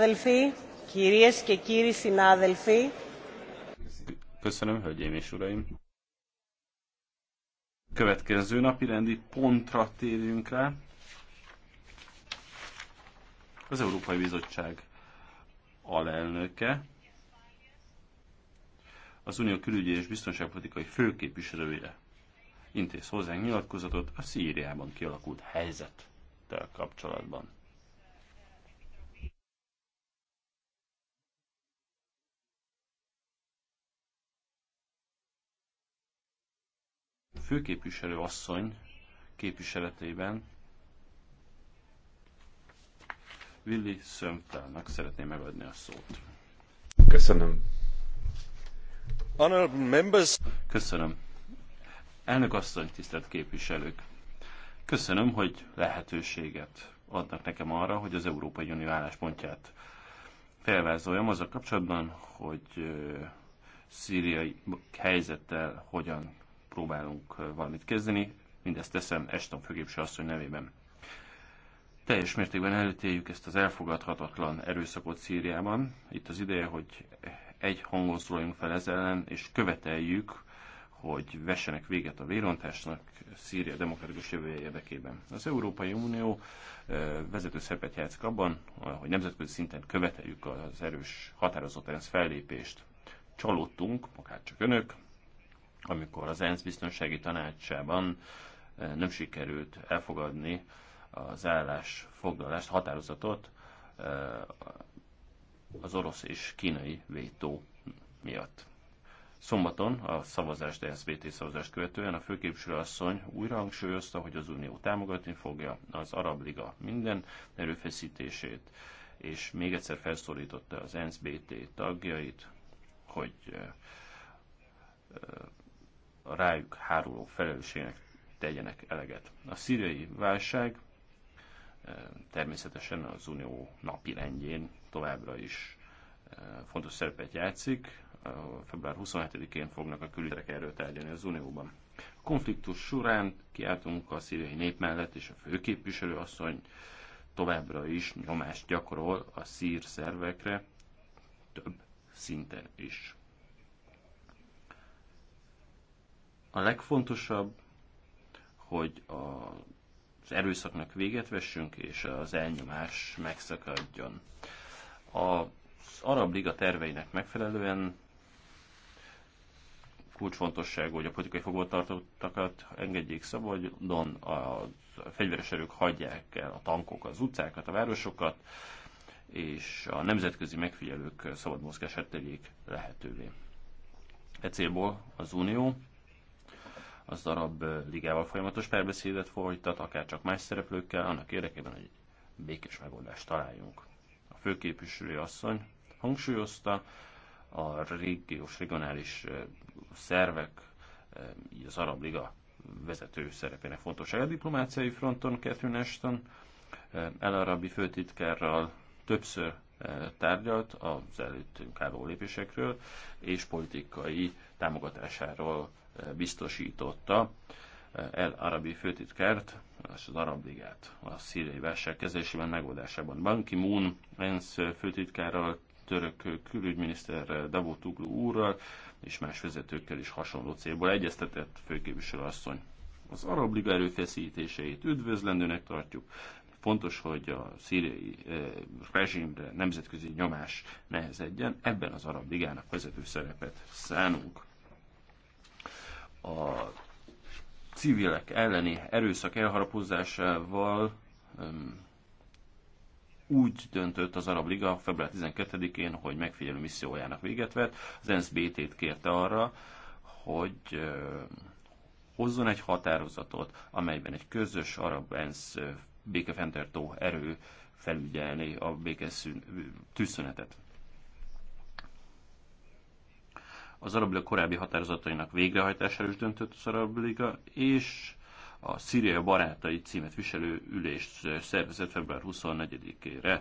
Αδελφοί, κυρίες και κύριοι συνάδελφοι. Köszönöm, hölgyeim és uraim. Következő napi rendi pontra térjünk rá. Az Európai Bizottság alelnöke, az Unió külügyi és biztonságpolitikai főképviselője intéz hozzánk nyilatkozatot a Szíriában kialakult helyzettel kapcsolatban. főképviselő asszony képviseletében Willi Sömtelnek szeretném megadni a szót. Köszönöm. Honorable members. Köszönöm. Elnök asszony, tisztelt képviselők! Köszönöm, hogy lehetőséget adnak nekem arra, hogy az Európai Unió álláspontját felvázoljam azzal kapcsolatban, hogy szíriai helyzettel hogyan próbálunk valamit kezdeni. Mindezt teszem Eston főgépső asszony nevében. Teljes mértékben előtéljük ezt az elfogadhatatlan erőszakot Szíriában. Itt az ideje, hogy egy hangon szóljunk fel ez ellen, és követeljük, hogy vessenek véget a vérontásnak Szíria demokratikus jövője érdekében. Az Európai Unió vezető szerepet játszik abban, hogy nemzetközi szinten követeljük az erős határozott ENSZ fellépést. Csalódtunk, akár csak önök, amikor az ENSZ biztonsági tanácsában eh, nem sikerült elfogadni az állásfoglalást, határozatot eh, az orosz és kínai vétó miatt. Szombaton a szavazást, a SBT szavazást követően a főképviselő asszony újra hangsúlyozta, hogy az Unió támogatni fogja az Arab Liga minden erőfeszítését, és még egyszer felszólította az NSBT tagjait, hogy eh, a rájuk háruló felelősségnek tegyenek eleget. A szíriai válság eh, természetesen az Unió napi rendjén továbbra is eh, fontos szerepet játszik. Február 27-én fognak a külügyek erről tárgyalni az Unióban. A konfliktus során kiáltunk a szíriai nép mellett, és a főképviselő asszony továbbra is nyomást gyakorol a szír szervekre több szinten is. A legfontosabb, hogy a, az erőszaknak véget vessünk, és az elnyomás megszakadjon. Az Arab Liga terveinek megfelelően kulcsfontosságú, hogy a politikai fogvatartottakat engedjék szabadon, a fegyveres erők hagyják el a tankok, az utcákat, a városokat, és a nemzetközi megfigyelők szabad mozgását tegyék lehetővé. E célból az Unió az arab ligával folyamatos párbeszédet folytat, akár csak más szereplőkkel, annak érdekében, hogy békés megoldást találjunk. A főképviselő asszony hangsúlyozta, a régiós, regionális szervek, így az Arab Liga vezető szerepének fontos a diplomáciai fronton Catherine Ashton El Arabi főtitkárral többször tárgyalt az előttünk álló lépésekről és politikai támogatásáról biztosította eh, El Arabi főtitkert és az Arab Ligát a szíriai válság kezelésében megoldásában. Ban Ki-moon ENSZ főtitkárral, török külügyminiszter Davutoglu úrral és más vezetőkkel is hasonló célból egyeztetett főképviselő asszony. Az Arab Liga erőfeszítéseit üdvözlendőnek tartjuk, fontos, hogy a szíriai eh, rezsimre nemzetközi nyomás nehezedjen, ebben az arab ligának vezető szerepet szánunk a civilek elleni erőszak um, úgy döntött az Arab Liga február 12-én, hogy megfigyelő missziójának véget vett. Az ENSZ BT-t kérte arra, hogy hozzon egy határozatot, amelyben egy közös arab ENSZ békefenntartó erő felügyelni a békeszűn tűzszünetet. az Arab Liga korábbi határozatainak végrehajtására is döntött az Arab Liga, és a Szíria barátai címet viselő ülést szervezett február 24-ére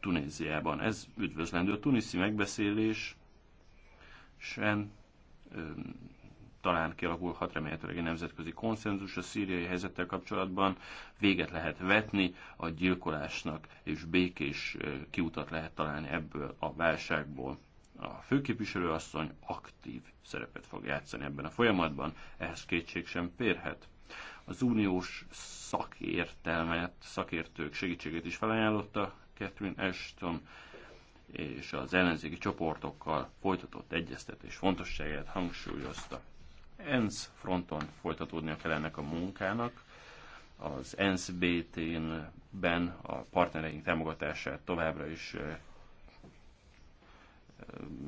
Tunéziában. Ez üdvözlendő. A tuniszi megbeszélés sen talán kialakulhat remélhetőleg egy nemzetközi konszenzus a szíriai helyzettel kapcsolatban, véget lehet vetni a gyilkolásnak, és békés kiutat lehet találni ebből a válságból. A asszony aktív szerepet fog játszani ebben a folyamatban, ehhez kétség sem férhet. Az uniós szakértelmet, szakértők segítségét is felajánlotta Catherine Ashton, és az ellenzéki csoportokkal folytatott egyeztetés fontosságát hangsúlyozta. ENSZ fronton folytatódnia kell ennek a munkának, az ENSZ BT-ben a partnereink támogatását továbbra is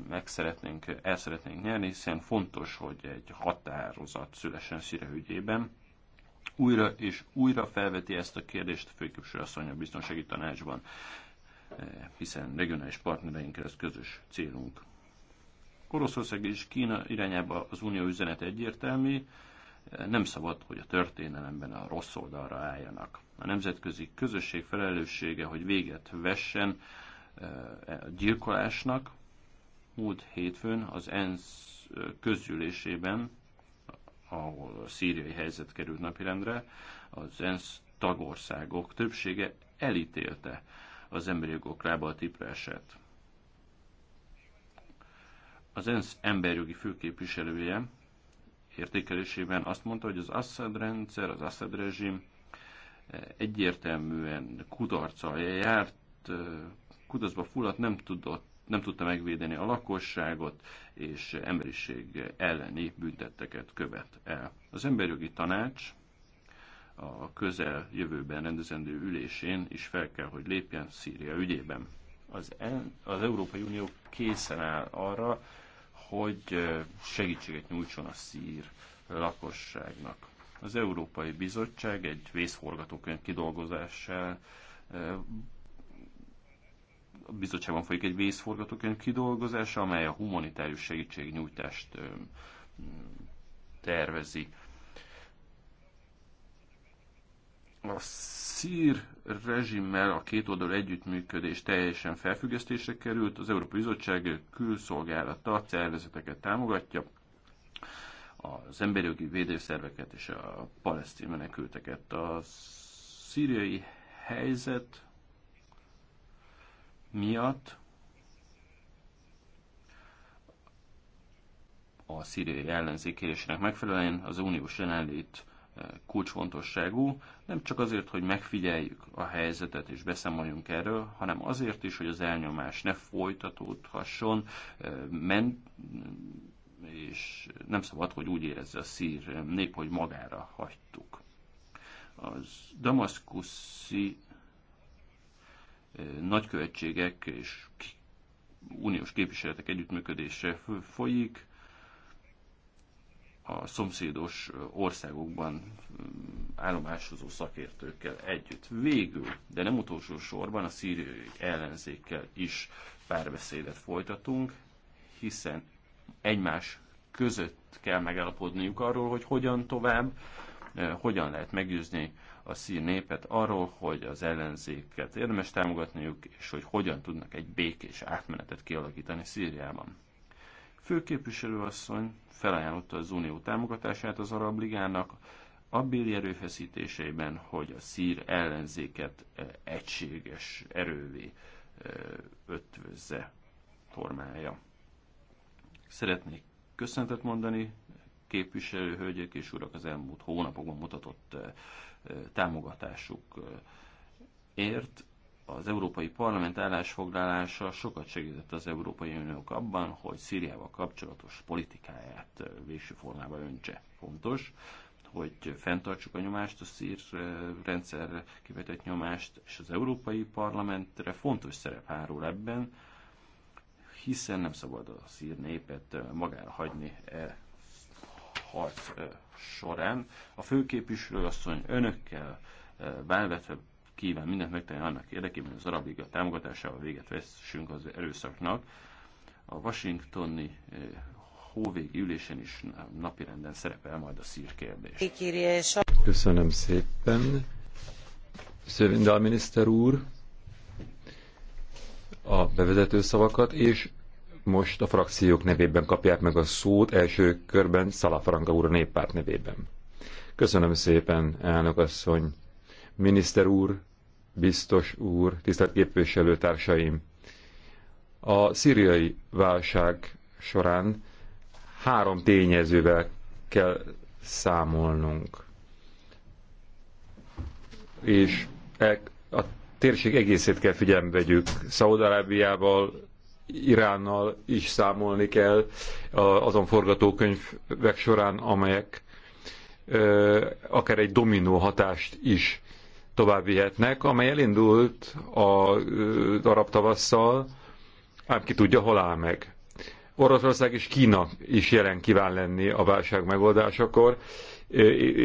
meg szeretnénk, el szeretnénk nyerni, hiszen fontos, hogy egy határozat szülesen Szíria ügyében. Újra és újra felveti ezt a kérdést a főképső asszony a biztonsági tanácsban, hiszen regionális partnereinkre ez közös célunk. Oroszország és Kína irányába az unió üzenet egyértelmű, nem szabad, hogy a történelemben a rossz oldalra álljanak. A nemzetközi közösség felelőssége, hogy véget vessen eh, a gyilkolásnak. Múlt hétfőn az ENSZ eh, közgyűlésében, ahol a szíriai helyzet került napirendre, az ENSZ tagországok többsége elítélte az emberi jogok lába a az ENSZ emberjogi főképviselője értékelésében azt mondta, hogy az Assad rendszer, az Assad rezsim eh, egyértelműen kudarca járt, eh, kudarcba fulladt, nem tudott nem tudta megvédeni a lakosságot, és emberiség elleni büntetteket követ el. Az emberjogi tanács a közel jövőben rendezendő ülésén is fel kell, hogy lépjen Szíria ügyében. Az, en, az Európai Unió készen áll arra, hogy segítséget nyújtson a szír lakosságnak. Az Európai Bizottság egy vészforgatókönyv kidolgozással a bizottságban folyik egy vészforgatókönyv kidolgozása, amely a humanitárius segítségnyújtást tervezi. A szír rezsimmel a két oldalú együttműködés teljesen felfüggesztésre került, az Európai Bizottság külszolgálata szervezeteket támogatja, az emberi jogi védőszerveket és a palesztin menekülteket. A szíriai helyzet miatt a szíriai ellenzékérésének megfelelően az uniós jelenlét kulcsfontosságú, nem csak azért, hogy megfigyeljük a helyzetet és beszámoljunk erről, hanem azért is, hogy az elnyomás ne folytatódhasson, men- és nem szabad, hogy úgy érezze a szír nép, hogy magára hagytuk. Az damaszkuszi nagykövetségek és uniós képviseletek együttműködése folyik, a szomszédos országokban mm, állomásozó szakértőkkel együtt. Végül, de nem utolsó sorban a szíriai ellenzékkel is párbeszédet folytatunk, hiszen egymás között kell megállapodniuk arról, hogy hogyan tovább, eh, hogyan lehet meggyőzni a szír népet arról, hogy az ellenzéket érdemes támogatniuk, és hogy hogyan tudnak egy békés átmenetet kialakítani Szíriában. Főképviselőasszony felajánlotta az unió támogatását az Arab Ligának, abbéli erőfeszítéseiben, hogy a szír ellenzéket e, egységes erővé e, ötvözze, formája. Szeretnék köszöntet mondani képviselő hölgyek és urak az elmúlt hónapokban mutatott e, támogatásukért az Európai Parlament állásfoglalása sokat segített az Európai Uniók abban, hogy Szíriával kapcsolatos politikáját végső formába öntse. Fontos, hogy fenntartsuk a nyomást, a szír rendszerre kivetett nyomást, és az Európai Parlamentre fontos szerep hárul ebben, hiszen nem szabad a szír népet magára hagyni e harc során. A főképviselő asszony önökkel válvetve kíván mindent megtenni annak érdekében, hogy az arab liga támogatásával véget vessünk az erőszaknak. A washingtoni eh, hóvégi ülésen is napirenden szerepel majd a szír kérdés. Köszönöm szépen. Szövindal miniszter úr a bevezető szavakat, és most a frakciók nevében kapják meg a szót, első körben Szalafranka úr a néppárt nevében. Köszönöm szépen, elnök asszony miniszter úr, biztos úr, tisztelt képviselőtársaim! A szíriai válság során három tényezővel kell számolnunk. És e, a térség egészét kell figyelembe vegyük. Szaudarábiával, Iránnal is számolni kell azon forgatókönyvek során, amelyek akár egy dominó hatást is tovább vihetnek, amely elindult a darab tavasszal, ám ki tudja, hol áll meg. Oroszország és Kína is jelen kíván lenni a válság megoldásakor,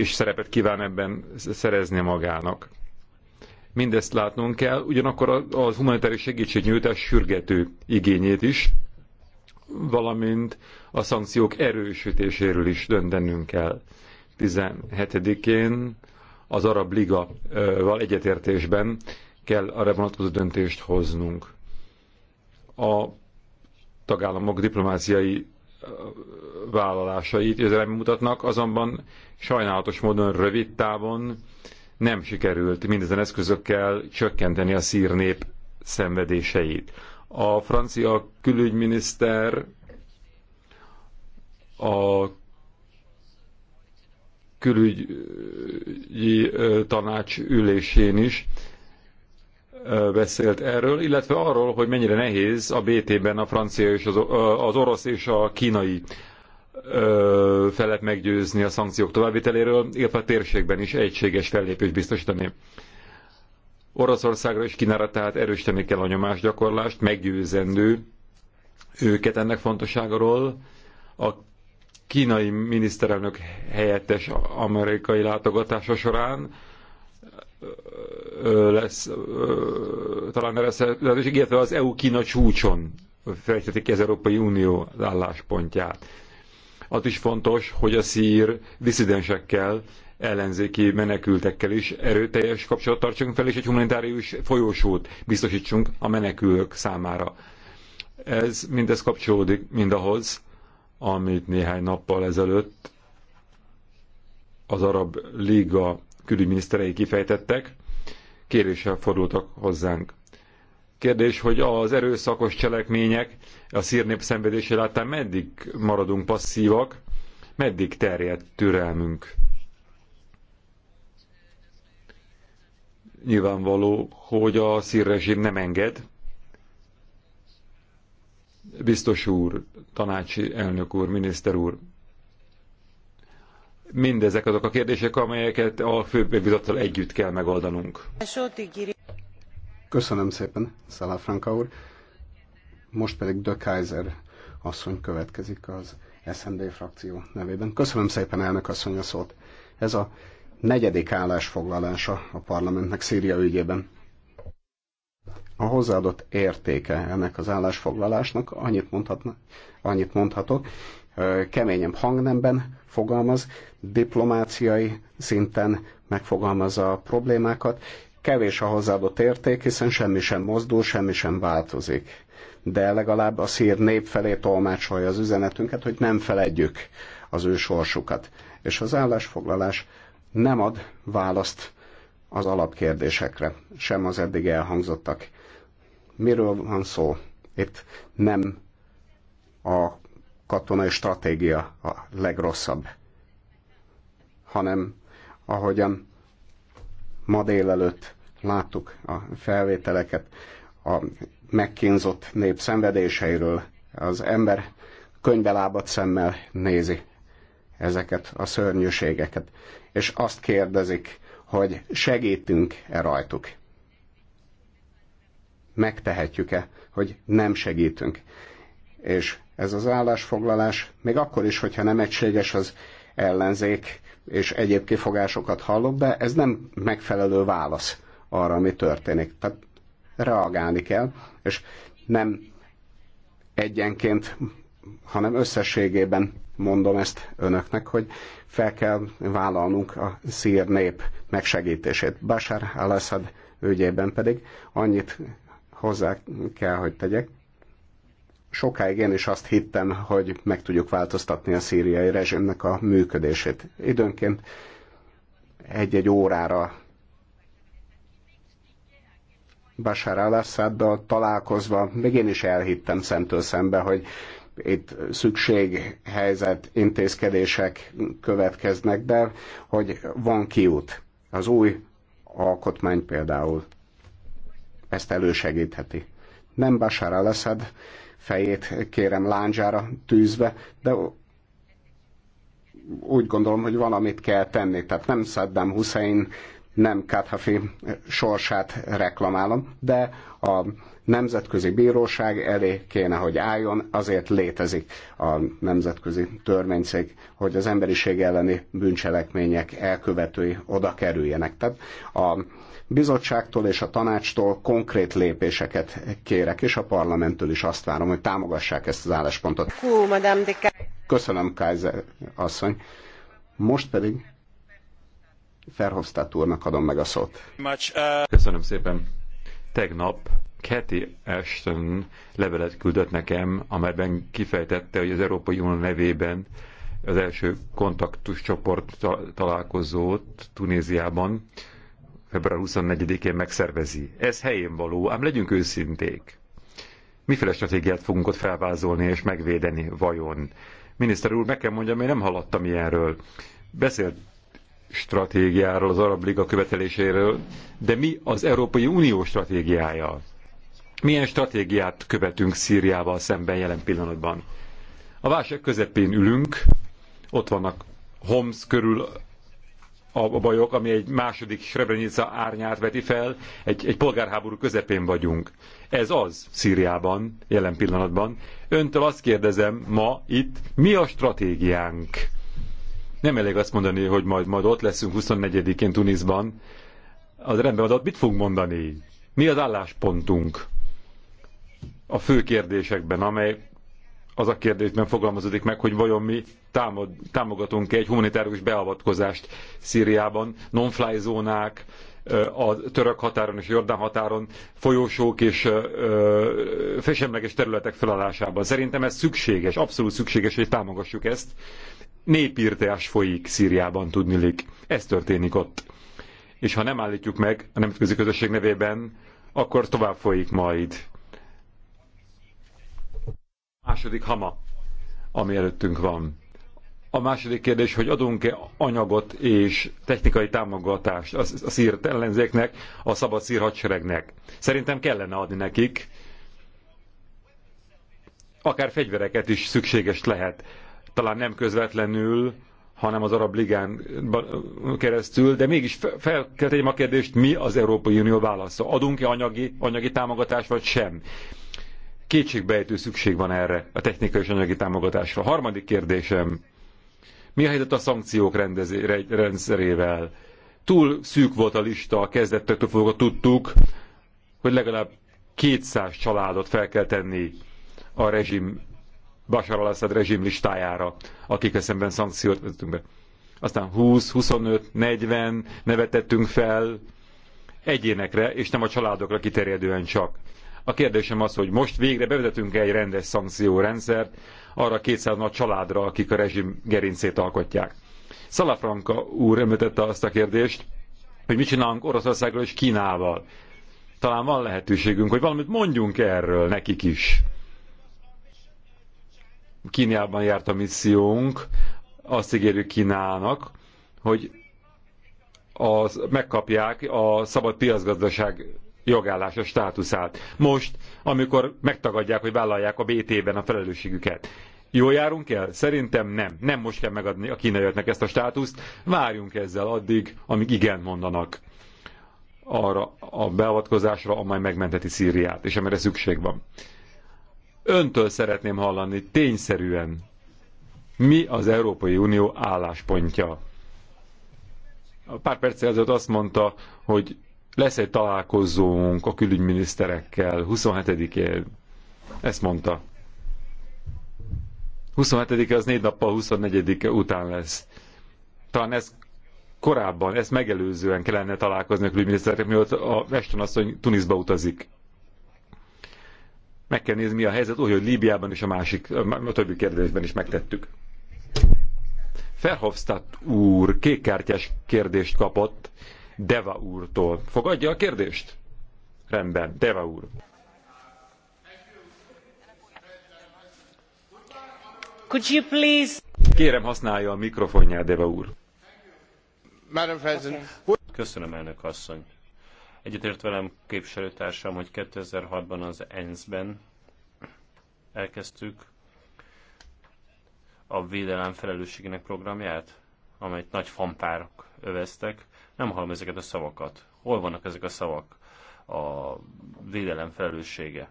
és szerepet kíván ebben szerezni magának. Mindezt látnunk kell, ugyanakkor az humanitárius segítségnyújtás sürgető igényét is, valamint a szankciók erősítéséről is döntenünk kell. 17-én az Arab Liga-val egyetértésben kell arra vonatkozó döntést hoznunk. A tagállamok diplomáciai vállalásait ezzel mutatnak, azonban sajnálatos módon rövid távon nem sikerült mindezen eszközökkel csökkenteni a szír nép szenvedéseit. A francia külügyminiszter a külügyi tanács ülésén is beszélt erről, illetve arról, hogy mennyire nehéz a BT-ben a francia és az, az orosz és a kínai felet meggyőzni a szankciók továbbviteléről, illetve a térségben is egységes fellépést biztosítani. Oroszországra és Kínára tehát erősíteni kell a nyomásgyakorlást, meggyőzendő őket ennek fontosságról. a kínai miniszterelnök helyettes amerikai látogatása során lesz, talán lesz, illetve az EU-Kína csúcson fejtetik az Európai Unió álláspontját. Az is fontos, hogy a szír diszidensekkel, ellenzéki menekültekkel is erőteljes kapcsolat tartsunk fel, és egy humanitárius folyósót biztosítsunk a menekülők számára. Ez mindez kapcsolódik mindahhoz, amit néhány nappal ezelőtt az Arab Liga külügyminiszterei kifejtettek, kéréssel fordultak hozzánk. Kérdés, hogy az erőszakos cselekmények a szírnép szenvedésé láttán meddig maradunk passzívak, meddig terjed türelmünk. Nyilvánvaló, hogy a szírrezsim nem enged, biztos úr, tanácsi elnök úr, miniszter úr, mindezek azok a kérdések, amelyeket a főbizottal együtt kell megoldanunk. Köszönöm szépen, Franka úr. Most pedig De Kaiser asszony következik az SND frakció nevében. Köszönöm szépen, elnök asszony a szót. Ez a negyedik állásfoglalása a parlamentnek Szíria ügyében a hozzáadott értéke ennek az állásfoglalásnak, annyit, mondhatna, annyit mondhatok, keményebb hangnemben fogalmaz, diplomáciai szinten megfogalmazza a problémákat, kevés a hozzáadott érték, hiszen semmi sem mozdul, semmi sem változik. De legalább a szír nép felé tolmácsolja az üzenetünket, hogy nem feledjük az ő sorsukat. És az állásfoglalás nem ad választ az alapkérdésekre, sem az eddig elhangzottak miről van szó? Itt nem a katonai stratégia a legrosszabb, hanem ahogyan ma délelőtt láttuk a felvételeket a megkínzott nép szenvedéseiről, az ember könyvelábat szemmel nézi ezeket a szörnyűségeket, és azt kérdezik, hogy segítünk-e rajtuk megtehetjük-e, hogy nem segítünk. És ez az állásfoglalás, még akkor is, hogyha nem egységes az ellenzék, és egyéb kifogásokat hallok, de ez nem megfelelő válasz arra, ami történik. Tehát reagálni kell, és nem egyenként, hanem összességében mondom ezt önöknek, hogy fel kell vállalnunk a szír nép megsegítését. Bashar al-Assad ügyében pedig annyit hozzá kell, hogy tegyek. Sokáig én is azt hittem, hogy meg tudjuk változtatni a szíriai rezsimnek a működését. Időnként egy-egy órára Bashar al találkozva, még én is elhittem szemtől szembe, hogy itt helyzet intézkedések következnek, de hogy van kiút. Az új alkotmány például ezt elősegítheti. Nem Bashar al fejét kérem láncsára tűzve, de úgy gondolom, hogy valamit kell tenni. Tehát nem Saddam Hussein, nem Kadhafi sorsát reklamálom, de a nemzetközi bíróság elé kéne, hogy álljon, azért létezik a nemzetközi törvényszék, hogy az emberiség elleni bűncselekmények elkövetői oda kerüljenek. Tehát a bizottságtól és a tanácstól konkrét lépéseket kérek, és a parlamenttől is azt várom, hogy támogassák ezt az álláspontot. Köszönöm, Kaiser asszony. Most pedig Ferhofstadt úrnak adom meg a szót. Köszönöm szépen. Tegnap Kathy Ashton levelet küldött nekem, amelyben kifejtette, hogy az Európai Unió nevében az első kontaktuscsoport találkozót Tunéziában február 24-én megszervezi. Ez helyén való, ám legyünk őszinték. Miféle stratégiát fogunk ott felvázolni és megvédeni vajon? Miniszter úr, meg kell mondjam, én nem hallottam ilyenről. Beszélt stratégiáról, az Arab Liga követeléséről, de mi az Európai Unió stratégiája? Milyen stratégiát követünk Szíriával szemben jelen pillanatban? A válság közepén ülünk, ott vannak Homs körül a bajok, ami egy második Srebrenica árnyát veti fel, egy, egy polgárháború közepén vagyunk. Ez az Szíriában, jelen pillanatban. Öntől azt kérdezem ma itt, mi a stratégiánk? Nem elég azt mondani, hogy majd, majd ott leszünk 24-én Tunisban. Az rendben adott, mit fogunk mondani? Mi az álláspontunk a fő kérdésekben, amely az a kérdésben fogalmazódik meg, hogy vajon mi támad, támogatunk-e egy humanitárius beavatkozást Szíriában, non-fly zónák, a török határon és jordán határon folyósók és fesemleges területek felállásában. Szerintem ez szükséges, abszolút szükséges, hogy támogassuk ezt. Népírtás folyik Szíriában, tudnilik. Ez történik ott. És ha nem állítjuk meg a nemzetközi közösség nevében, akkor tovább folyik majd Második hama, ami előttünk van. A második kérdés, hogy adunk-e anyagot és technikai támogatást a szír ellenzéknek, a szabad szír hadseregnek. Szerintem kellene adni nekik, akár fegyvereket is szükséges lehet. Talán nem közvetlenül, hanem az Arab Ligán keresztül, de mégis fel kell tegyem a kérdést, mi az Európai Unió válasza? Adunk-e anyagi, anyagi támogatást, vagy sem? kétségbejtő szükség van erre a technikai és anyagi támogatásra. A harmadik kérdésem, mi a helyzet a szankciók rendezi, rendszerével? Túl szűk volt a lista, a kezdettől fogva tudtuk, hogy legalább 200 családot fel kell tenni a rezsim, Bashar al rezsim listájára, akik eszemben szankciót vettünk be. Aztán 20, 25, 40 nevetettünk fel egyénekre, és nem a családokra kiterjedően csak. A kérdésem az, hogy most végre bevezetünk egy rendes szankciórendszert arra 200 nagy családra, akik a rezsim gerincét alkotják. Szalafranka úr említette azt a kérdést, hogy mit csinálunk Oroszországgal és Kínával. Talán van lehetőségünk, hogy valamit mondjunk erről nekik is. Kínában járt a missziónk, azt ígérjük Kínának, hogy az, megkapják a szabad piacgazdaság jogállása státuszát. Most, amikor megtagadják, hogy vállalják a BT-ben a felelősségüket. Jó járunk el? Szerintem nem. Nem most kell megadni a kínaiaknak ezt a státuszt. Várjunk ezzel addig, amíg igen mondanak arra a beavatkozásra, amely megmenteti Szíriát, és amire szükség van. Öntől szeretném hallani tényszerűen, mi az Európai Unió álláspontja. Pár perccel ezelőtt azt mondta, hogy lesz egy találkozónk a külügyminiszterekkel 27-én. Ezt mondta. 27-e az négy nappal 24-e után lesz. Talán ez korábban, ezt megelőzően kellene találkozni a külügyminiszterek, mióta a Weston asszony Tuniszba utazik. Meg kell nézni, mi a helyzet, úgy, hogy Líbiában és a másik, a többi kérdésben is megtettük. Ferhofstadt úr kékkártyás kérdést kapott, Deva úrtól. Fogadja a kérdést? Rendben, Deva úr. Could you please... Kérem, használja a mikrofonját, Deva úr. Madam President. Köszönöm, elnök asszony. Egyetért velem képviselőtársam, hogy 2006-ban az ENSZ-ben elkezdtük a védelem felelősségének programját, amelyet nagy fanpárok öveztek. Nem hallom ezeket a szavakat. Hol vannak ezek a szavak? A védelem felelőssége.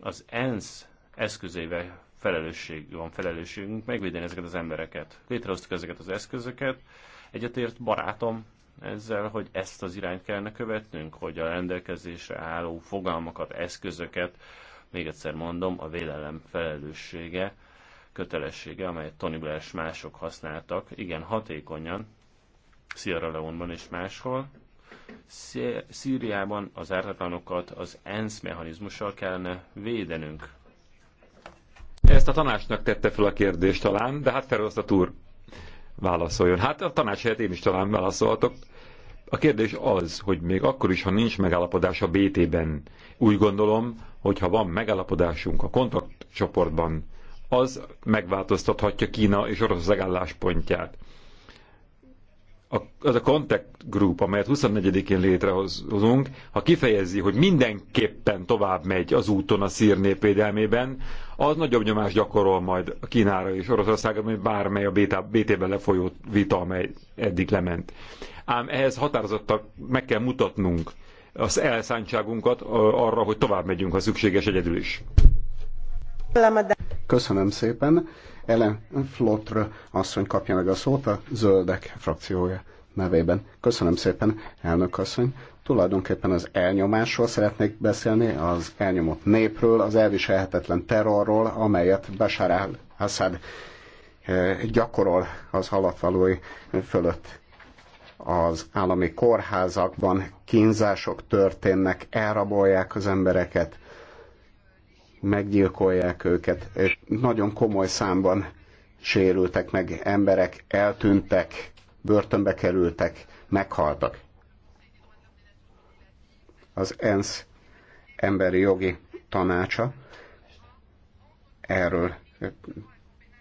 Az ENSZ eszközével felelősség van, felelősségünk megvédeni ezeket az embereket. Létrehoztuk ezeket az eszközöket. Egyetért barátom ezzel, hogy ezt az irányt kellene követnünk, hogy a rendelkezésre álló fogalmakat, eszközöket, még egyszer mondom, a vélelem felelőssége, kötelessége, amelyet Tony Blair és mások használtak, igen hatékonyan, Sierra Leone-ban és máshol. Szíriában az ártatlanokat az ENSZ mechanizmussal kellene védenünk. Ezt a tanácsnak tette fel a kérdést talán, de hát Ferosztat úr válaszoljon. Hát a tanács helyett én is talán válaszolhatok. A kérdés az, hogy még akkor is, ha nincs megállapodás a BT-ben, úgy gondolom, hogy ha van megállapodásunk a kontaktcsoportban, az megváltoztathatja Kína és Oroszország álláspontját az a contact group, amelyet 24-én létrehozunk, ha kifejezi, hogy mindenképpen tovább megy az úton a szír népvédelmében, az nagyobb nyomást gyakorol majd a Kínára és Oroszországra, mint bármely a BT-ben lefolyó vita, amely eddig lement. Ám ehhez határozottan meg kell mutatnunk az elszántságunkat arra, hogy tovább megyünk, ha szükséges egyedül is. Köszönöm szépen. Ellen Flotr asszony kapja meg a szót a zöldek frakciója nevében. Köszönöm szépen, elnök asszony. Tulajdonképpen az elnyomásról szeretnék beszélni, az elnyomott népről, az elviselhetetlen terrorról, amelyet Bashar al-Assad eh, gyakorol az halatvalói fölött. Az állami kórházakban kínzások történnek, elrabolják az embereket, meggyilkolják őket, és nagyon komoly számban sérültek meg emberek, eltűntek, börtönbe kerültek, meghaltak. Az ENSZ emberi jogi tanácsa erről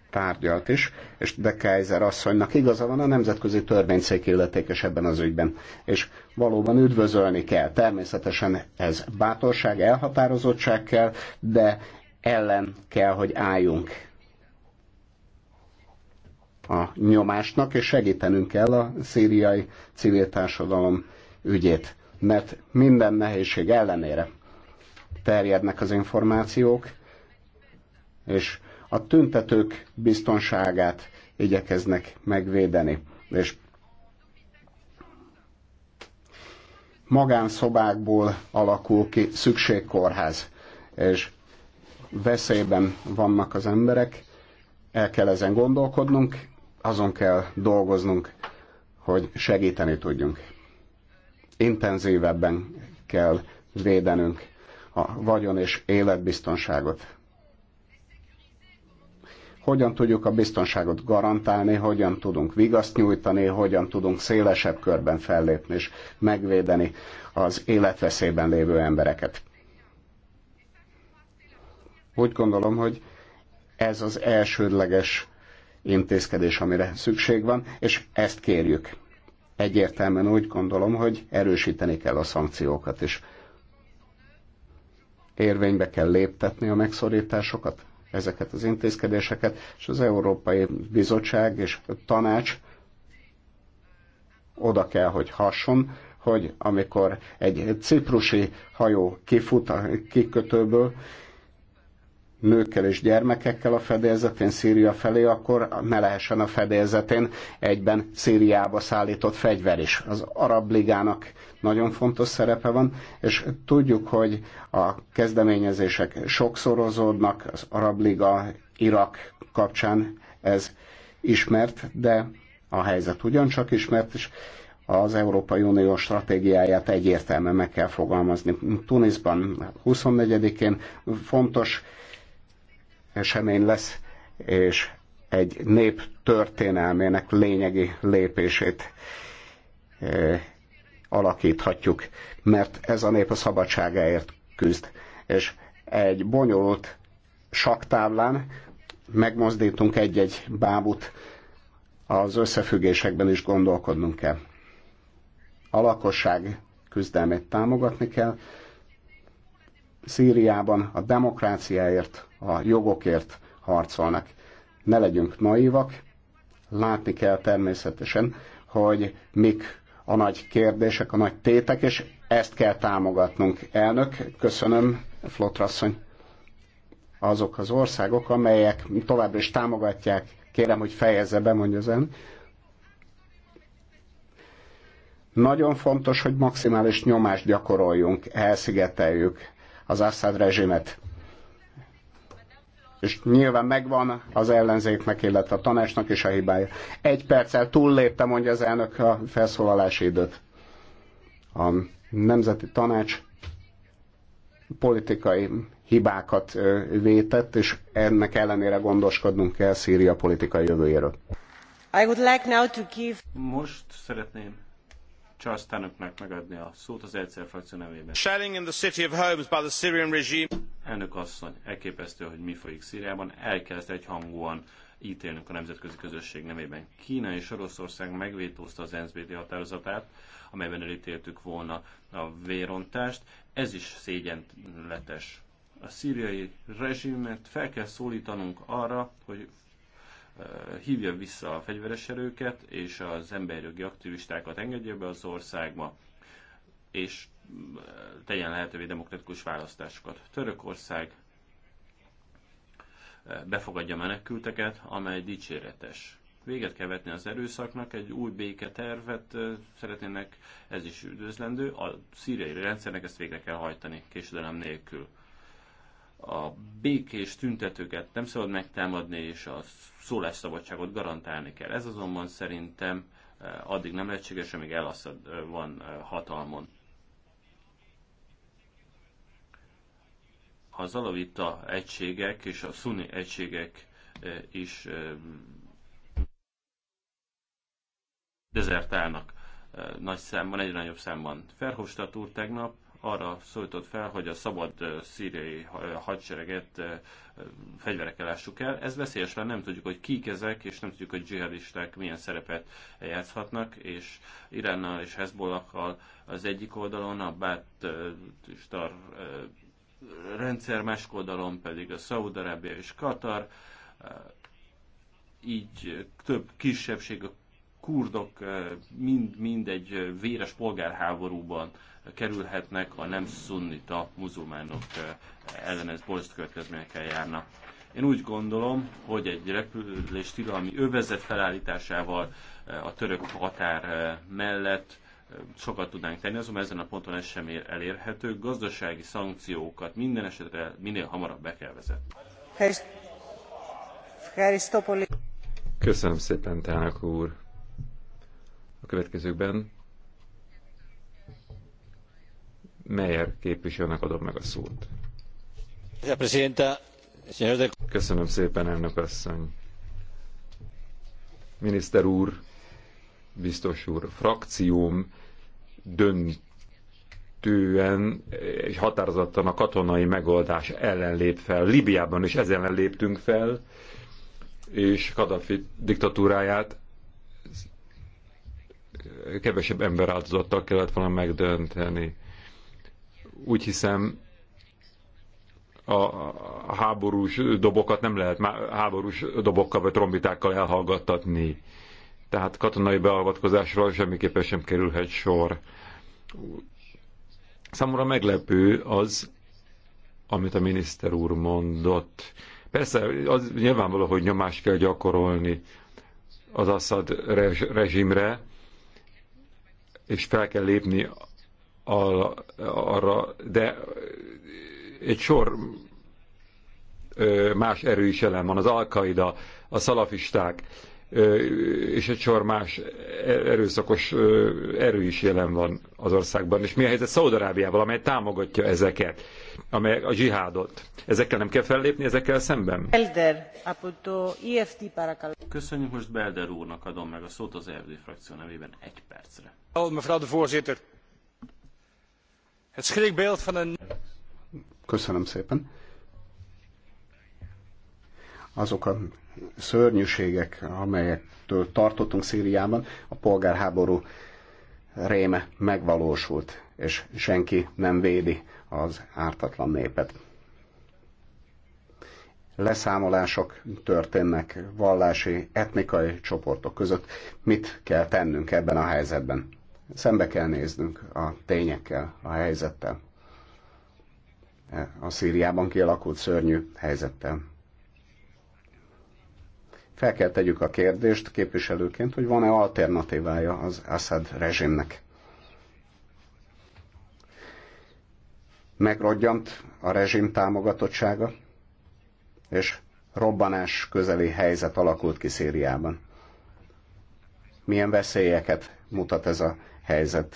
tárgyalt is, és de Kaiser asszonynak igaza van, a nemzetközi törvényszék illetékes ebben az ügyben, és valóban üdvözölni kell. Természetesen ez bátorság, elhatározottság kell, de ellen kell, hogy álljunk a nyomásnak, és segítenünk kell a szíriai civil társadalom ügyét, mert minden nehézség ellenére terjednek az információk, és a tüntetők biztonságát igyekeznek megvédeni. És magánszobákból alakul ki szükségkórház, és veszélyben vannak az emberek, el kell ezen gondolkodnunk, azon kell dolgoznunk, hogy segíteni tudjunk. Intenzívebben kell védenünk a vagyon és életbiztonságot hogyan tudjuk a biztonságot garantálni, hogyan tudunk vigaszt nyújtani, hogyan tudunk szélesebb körben fellépni és megvédeni az életveszélyben lévő embereket. Úgy gondolom, hogy ez az elsődleges intézkedés, amire szükség van, és ezt kérjük. Egyértelműen úgy gondolom, hogy erősíteni kell a szankciókat is. Érvénybe kell léptetni a megszorításokat ezeket az intézkedéseket, és az Európai Bizottság és a Tanács oda kell, hogy hason, hogy amikor egy ciprusi hajó kifut a kikötőből, nőkkel és gyermekekkel a fedélzetén Szíria felé, akkor ne lehessen a fedélzetén egyben Szíriába szállított fegyver is. Az Arab Ligának nagyon fontos szerepe van, és tudjuk, hogy a kezdeményezések sokszorozódnak, az Arab Liga, Irak kapcsán ez ismert, de a helyzet ugyancsak ismert, és az Európai Unió stratégiáját egyértelműen meg kell fogalmazni. Tunisban 24-én fontos esemény lesz, és egy nép történelmének lényegi lépését eh, alakíthatjuk, mert ez a nép a szabadságáért küzd. És egy bonyolult saktáblán megmozdítunk egy-egy bábut, az összefüggésekben is gondolkodnunk kell. A lakosság küzdelmét támogatni kell. Szíriában a demokráciáért, a jogokért harcolnak. Ne legyünk naívak, látni kell természetesen, hogy mik a nagy kérdések, a nagy tétek, és ezt kell támogatnunk. Elnök, köszönöm, Flotrasszony. Azok az országok, amelyek továbbra is támogatják, kérem, hogy fejezze be, mondja az elnök. Nagyon fontos, hogy maximális nyomást gyakoroljunk, elszigeteljük az Assad rezsimet és nyilván megvan az ellenzéknek, illetve a tanácsnak is a hibája. Egy perccel túllépte, mondja az elnök a felszólalási időt. A Nemzeti Tanács politikai hibákat vétett, és ennek ellenére gondoskodnunk kell Szíria politikai jövőjéről. I would like now to give... Most szeretném Charles Tannocknak megadni a szót az egyszer frakció nevében. Shelling in the city of Homs by the Syrian regime. Elnök asszony, elképesztő, hogy mi folyik Szíriában, elkezd egyhangúan ítélnünk a nemzetközi közösség nevében. Kína és Oroszország megvétózta az NSBT határozatát, amelyben elítéltük volna a vérontást. Ez is szégyenletes. A szíriai rezsimet fel kell szólítanunk arra, hogy Eh, hívja vissza a fegyveres erőket, és az emberjogi aktivistákat engedje be az országba, és eh, tegyen lehetővé demokratikus választásokat. Törökország eh, befogadja menekülteket, amely dicséretes. Véget kell vetni az erőszaknak, egy új béketervet szeretnének, ez is üdvözlendő, a szíriai rendszernek ezt végre kell hajtani, késődelem nélkül a békés tüntetőket nem szabad megtámadni, és a szólásszabadságot garantálni kell. Ez azonban szerintem eh, addig nem lehetséges, amíg Elasszad eh, van eh, hatalmon. Az alavita egységek és a szuni egységek is dezertálnak nagy számban, egyre nagyobb számban. Ferhofstadt úr tegnap arra szólított fel, hogy a szabad szíriai hadsereget fegyverekkel lássuk el. Ez veszélyes, mert nem tudjuk, hogy kik ezek, és nem tudjuk, hogy dzsihadisták milyen szerepet játszhatnak, és Iránnal és Hezbollakkal az egyik oldalon, a Bát-Star rendszer, másik oldalon pedig a Szaúd-Arábia és Katar, így több kisebbség a kurdok mind-mind eh, egy véres polgárháborúban kerülhetnek a nem szunnita muzulmánok eh, ellen ez borzasztó következményekkel járna. Én úgy gondolom, hogy egy repülés tilalmi övezet felállításával eh, a török határ mellett sokat tudnánk tenni, azonban ezen a ponton ez sem elérhető. Gazdasági szankciókat minden esetre minél hamarabb be kell vezetni. Köszönöm szépen, Tának úr! következőkben Meyer képviselőnek adom meg a szót. Köszönöm szépen, elnök asszony. Miniszter úr, biztos úr, frakcióm döntően és határozottan a katonai megoldás ellen lép fel. Libiában is ezen ellen léptünk fel, és Kadhafi diktatúráját kevesebb ember áldozattal kellett volna megdönteni. Úgy hiszem, a háborús dobokat nem lehet háborús dobokkal vagy trombitákkal elhallgattatni. Tehát katonai beavatkozásról semmiképpen sem kerülhet sor. Számomra meglepő az, amit a miniszter úr mondott. Persze, az nyilvánvaló, hogy nyomást kell gyakorolni az Assad rez- rezsimre, és fel kell lépni arra, de egy sor más erő is jelen van, az alkaida, a szalafisták, és egy sor más erőszakos erő is jelen van az országban. És mi a helyzet Szaudarábiával, amely támogatja ezeket? amely a zsihádot. Ezekkel nem kell fellépni, ezekkel szemben? Belder, Apoto, EFT, Köszönjük, most Belder úrnak adom meg a szót az EFD frakció nevében egy percre. Mevrouw de voorzitter. Het schrikbeeld van een... Köszönöm szépen. Azok a szörnyűségek, amelyektől tartottunk Szíriában, a polgárháború réme megvalósult, és senki nem védi az ártatlan népet. Leszámolások történnek vallási, etnikai csoportok között. Mit kell tennünk ebben a helyzetben? Szembe kell néznünk a tényekkel, a helyzettel, e, a Szíriában kialakult szörnyű helyzettel fel kell tegyük a kérdést képviselőként, hogy van-e alternatívája az Assad rezsimnek. megrodjant a rezsim támogatottsága, és robbanás közeli helyzet alakult ki Szíriában. Milyen veszélyeket mutat ez a helyzet?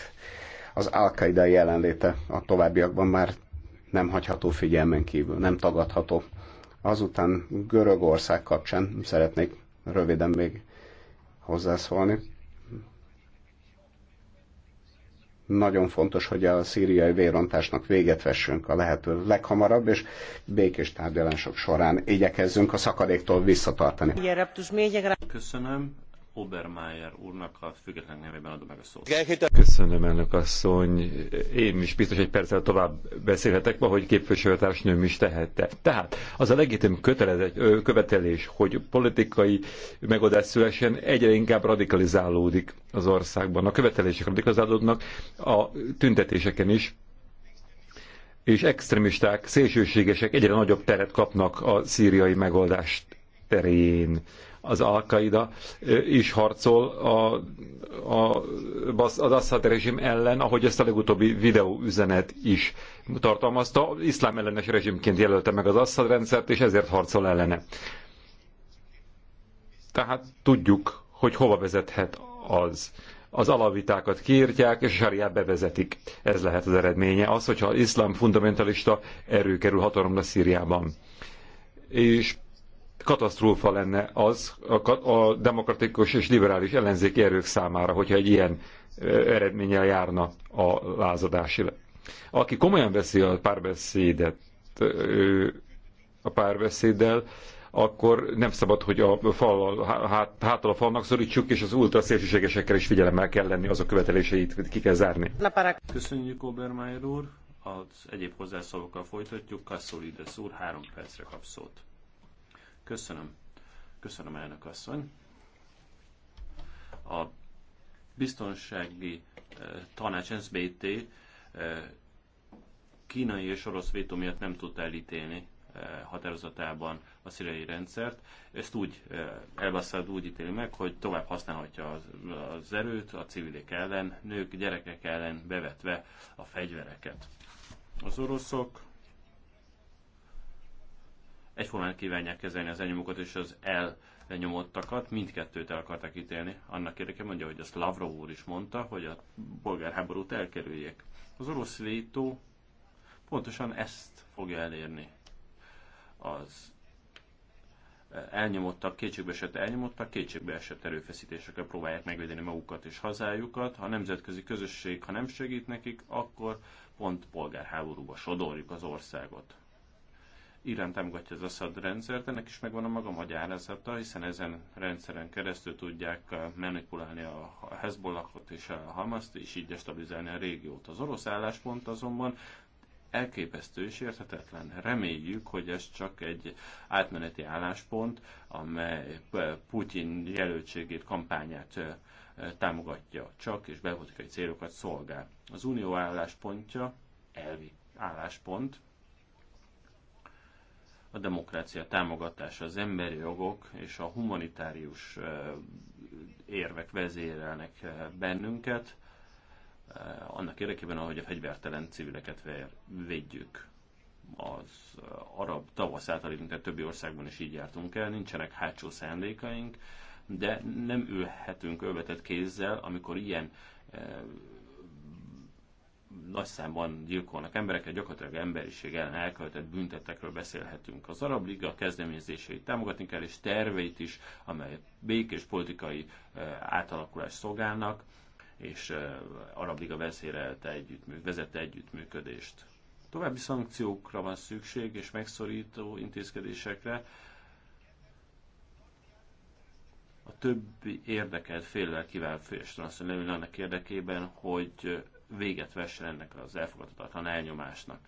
Az al jelenléte a továbbiakban már nem hagyható figyelmen kívül, nem tagadható. Azután Görögország kapcsán szeretnék röviden még hozzászólni. Nagyon fontos, hogy a szíriai vérontásnak véget vessünk a lehető leghamarabb, és békés tárgyalások során igyekezzünk a szakadéktól visszatartani. Köszönöm. Obermeier úrnak a független nevében adom meg a szót. Köszönöm, elnök asszony. Én is biztos egy perccel tovább beszélhetek, ma, hogy képviselőtársnőm is tehette. Tehát az a legitim követelés, hogy politikai megoldás szülesen egyre inkább radikalizálódik az országban. A követelések radikalizálódnak a tüntetéseken is, és extremisták, szélsőségesek egyre nagyobb teret kapnak a szíriai megoldást terén az Al-Qaida is harcol a, a, az Assad rezsim ellen, ahogy ezt a legutóbbi videóüzenet is tartalmazta. Iszlám ellenes rezsimként jelölte meg az Assad rendszert, és ezért harcol ellene. Tehát tudjuk, hogy hova vezethet az az alavitákat kiírtják, és a sariát bevezetik. Ez lehet az eredménye. Az, hogyha az iszlám fundamentalista erő kerül hatalomra Szíriában. És katasztrófa lenne az a demokratikus és liberális ellenzéki erők számára, hogyha egy ilyen eredménnyel járna a lázadás. Aki komolyan veszi a párbeszédet, a párbeszéddel, akkor nem szabad, hogy a fal, hát, hátal a falnak szorítsuk, és az ultra szélsőségesekkel is figyelemmel kell lenni, azok követeléseit ki kell zárni. Köszönjük, Obermeier úr! Az egyéb hozzászólókkal folytatjuk. Kasszolides úr, három percre kap szót. Köszönöm. Köszönöm, elnök asszony. A biztonsági eh, tanács SBT eh, kínai és orosz vétó miatt nem tudta elítélni eh, határozatában a szíriai rendszert. Ezt úgy, Elbasszad úgy ítéli meg, hogy tovább használhatja az, az erőt a civilek ellen, nők, gyerekek ellen bevetve a fegyvereket. Az oroszok egyformán kívánják kezelni az elnyomókat és az elnyomottakat, mindkettőt el akarták ítélni. Annak érdekében mondja, hogy azt Lavrov úr is mondta, hogy a polgárháborút elkerüljék. Az orosz vétó pontosan ezt fogja elérni. Az elnyomottak, kétségbe esett elnyomottak, kétségbe esett erőfeszítésekkel próbálják megvédeni magukat és hazájukat. Ha a nemzetközi közösség, ha nem segít nekik, akkor pont polgárháborúba sodorjuk az országot. Irán támogatja az Assad rendszert, ennek is megvan a maga magyarázata, hiszen ezen rendszeren keresztül tudják uh, manipulálni a Hezbollahot és a Hamaszt, és így destabilizálni a régiót. Az orosz álláspont azonban elképesztő és érthetetlen. Reméljük, hogy ez csak egy átmeneti álláspont, amely uh, Putyin jelöltségét, kampányát uh, támogatja csak, és belpolitikai célokat szolgál. Az unió álláspontja elvi álláspont, a demokrácia támogatása, az emberi jogok és a humanitárius érvek vezérelnek bennünket, annak érdekében, ahogy a fegyvertelen civileket védjük. Az arab tavasz által többi országban is így jártunk el, nincsenek hátsó szándékaink, de nem ülhetünk övetett kézzel, amikor ilyen nagy számban gyilkolnak embereket, gyakorlatilag emberiség ellen elkövetett büntetekről beszélhetünk. Az Arab Liga kezdeményezéseit támogatni kell, és terveit is, amely békés politikai átalakulás szolgálnak, és Arab Liga vezérelte együttműk, vezette együttműködést. További szankciókra van szükség, és megszorító intézkedésekre, a többi érdekelt féllel kívánfős annak érdekében, hogy véget vessen ennek az elfogadhatatlan elnyomásnak.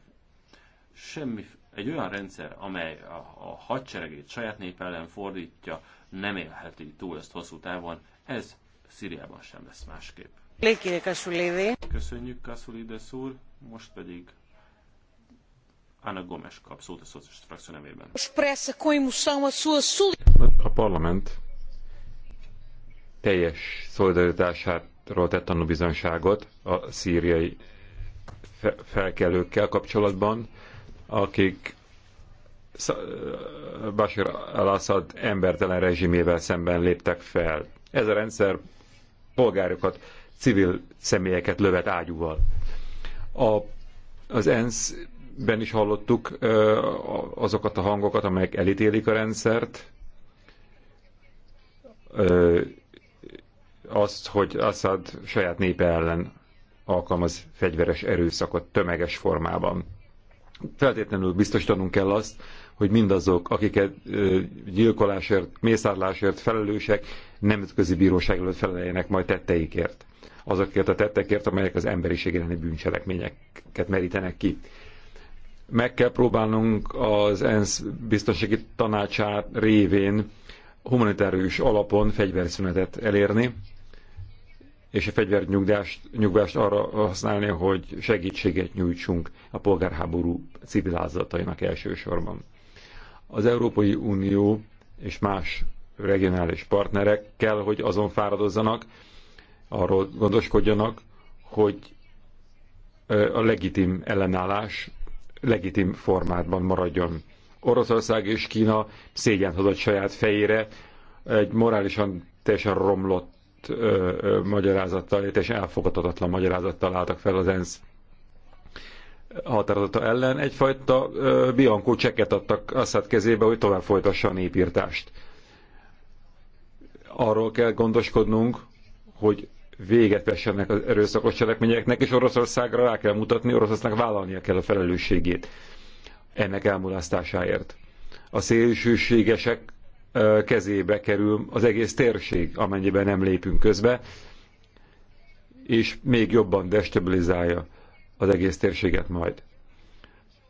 Semmi, egy olyan rendszer, amely a, a hadseregét saját nép ellen fordítja, nem élheti túl ezt hosszú távon, ez Szíriában sem lesz másképp. Köszönjük, Kasulides úr, most pedig Ana Gomes kap szót a szociális frakció nevében. A parlament teljes szolidaritását ról tett tanúbizonságot a szíriai felkelőkkel kapcsolatban, akik Bashar al-Assad embertelen rezsimével szemben léptek fel. Ez a rendszer polgárokat, civil személyeket lövet ágyúval. A, az ENSZ-ben is hallottuk azokat a hangokat, amelyek elítélik a rendszert, azt, hogy Assad saját népe ellen alkalmaz fegyveres erőszakot tömeges formában. Feltétlenül biztosítanunk kell azt, hogy mindazok, akiket gyilkolásért, mészárlásért felelősek, nemzetközi bíróság előtt feleljenek majd tetteikért. Azokért a tettekért, amelyek az emberiség elleni bűncselekményeket merítenek ki. Meg kell próbálnunk az ENSZ biztonsági tanácsát révén humanitárius alapon fegyverszünetet elérni, és a nyugdást, nyugvást arra használni, hogy segítséget nyújtsunk a polgárháború civil áldozatainak elsősorban. Az Európai Unió és más regionális partnerek kell, hogy azon fáradozzanak, arról gondoskodjanak, hogy a legitim ellenállás legitim formátban maradjon. Oroszország és Kína szégyent hozott saját fejére, egy morálisan teljesen romlott ö, magyarázattal, és elfogadhatatlan magyarázattal álltak fel az ENSZ határozata ellen. Egyfajta ö, Bianco cseket adtak Assad kezébe, hogy tovább folytassa a népírtást. Arról kell gondoskodnunk, hogy véget vessenek az erőszakos cselekményeknek, és Oroszországra rá kell mutatni, Oroszországnak vállalnia kell a felelősségét ennek elmulasztásáért. A szélsőségesek kezébe kerül az egész térség, amennyiben nem lépünk közbe, és még jobban destabilizálja az egész térséget majd.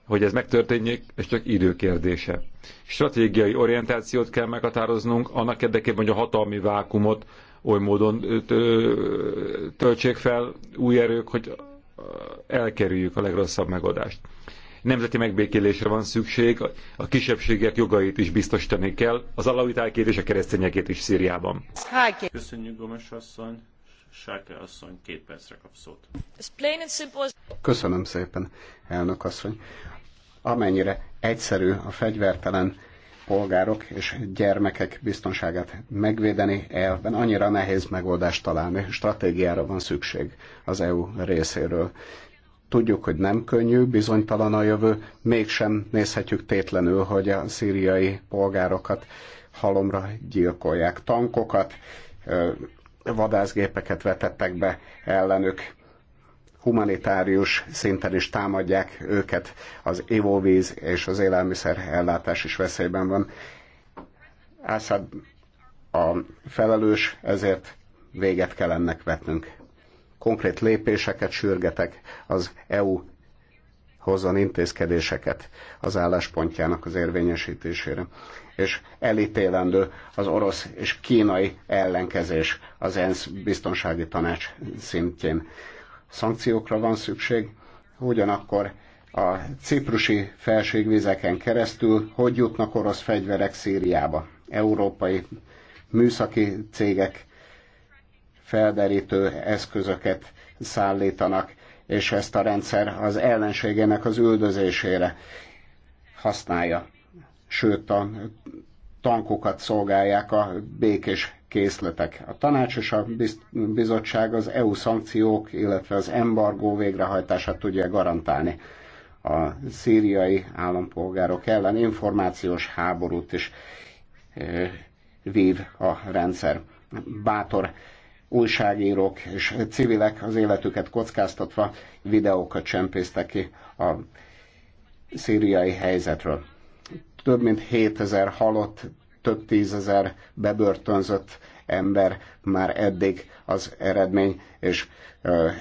Hogy ez megtörténjék, ez csak időkérdése. Stratégiai orientációt kell meghatároznunk, annak érdekében, hogy a hatalmi vákumot oly módon töltsék fel új erők, hogy elkerüljük a legrosszabb megoldást. Nemzeti megbékélésre van szükség, a kisebbségek jogait is biztosítani kell, az alauitákét és a keresztényekét is Szíriában. Köszönjük, Gomes asszony. Sáke asszony két percre kap szót. Köszönöm szépen, elnök asszony. Amennyire egyszerű a fegyvertelen polgárok és gyermekek biztonságát megvédeni elben, annyira nehéz megoldást találni, stratégiára van szükség az EU részéről. Tudjuk, hogy nem könnyű, bizonytalan a jövő, mégsem nézhetjük tétlenül, hogy a szíriai polgárokat halomra gyilkolják. Tankokat, vadászgépeket vetettek be ellenük, humanitárius szinten is támadják őket, az ivóvíz és az élelmiszer ellátás is veszélyben van. Ászad a felelős, ezért véget kell ennek vetnünk konkrét lépéseket sürgetek az EU hozzon intézkedéseket az álláspontjának az érvényesítésére. És elítélendő az orosz és kínai ellenkezés az ENSZ biztonsági tanács szintjén. Szankciókra van szükség, ugyanakkor a ciprusi felségvizeken keresztül hogy jutnak orosz fegyverek Szíriába. Európai műszaki cégek felderítő eszközöket szállítanak, és ezt a rendszer az ellenségének az üldözésére használja. Sőt, a tankokat szolgálják a békés készletek. A tanács és a bizottság az EU szankciók, illetve az embargó végrehajtását tudja garantálni. A szíriai állampolgárok ellen információs háborút is eh, vív a rendszer. Bátor újságírók és civilek az életüket kockáztatva videókat csempésztek ki a szíriai helyzetről. Több mint 7000 halott, több tízezer bebörtönzött ember már eddig az eredmény, és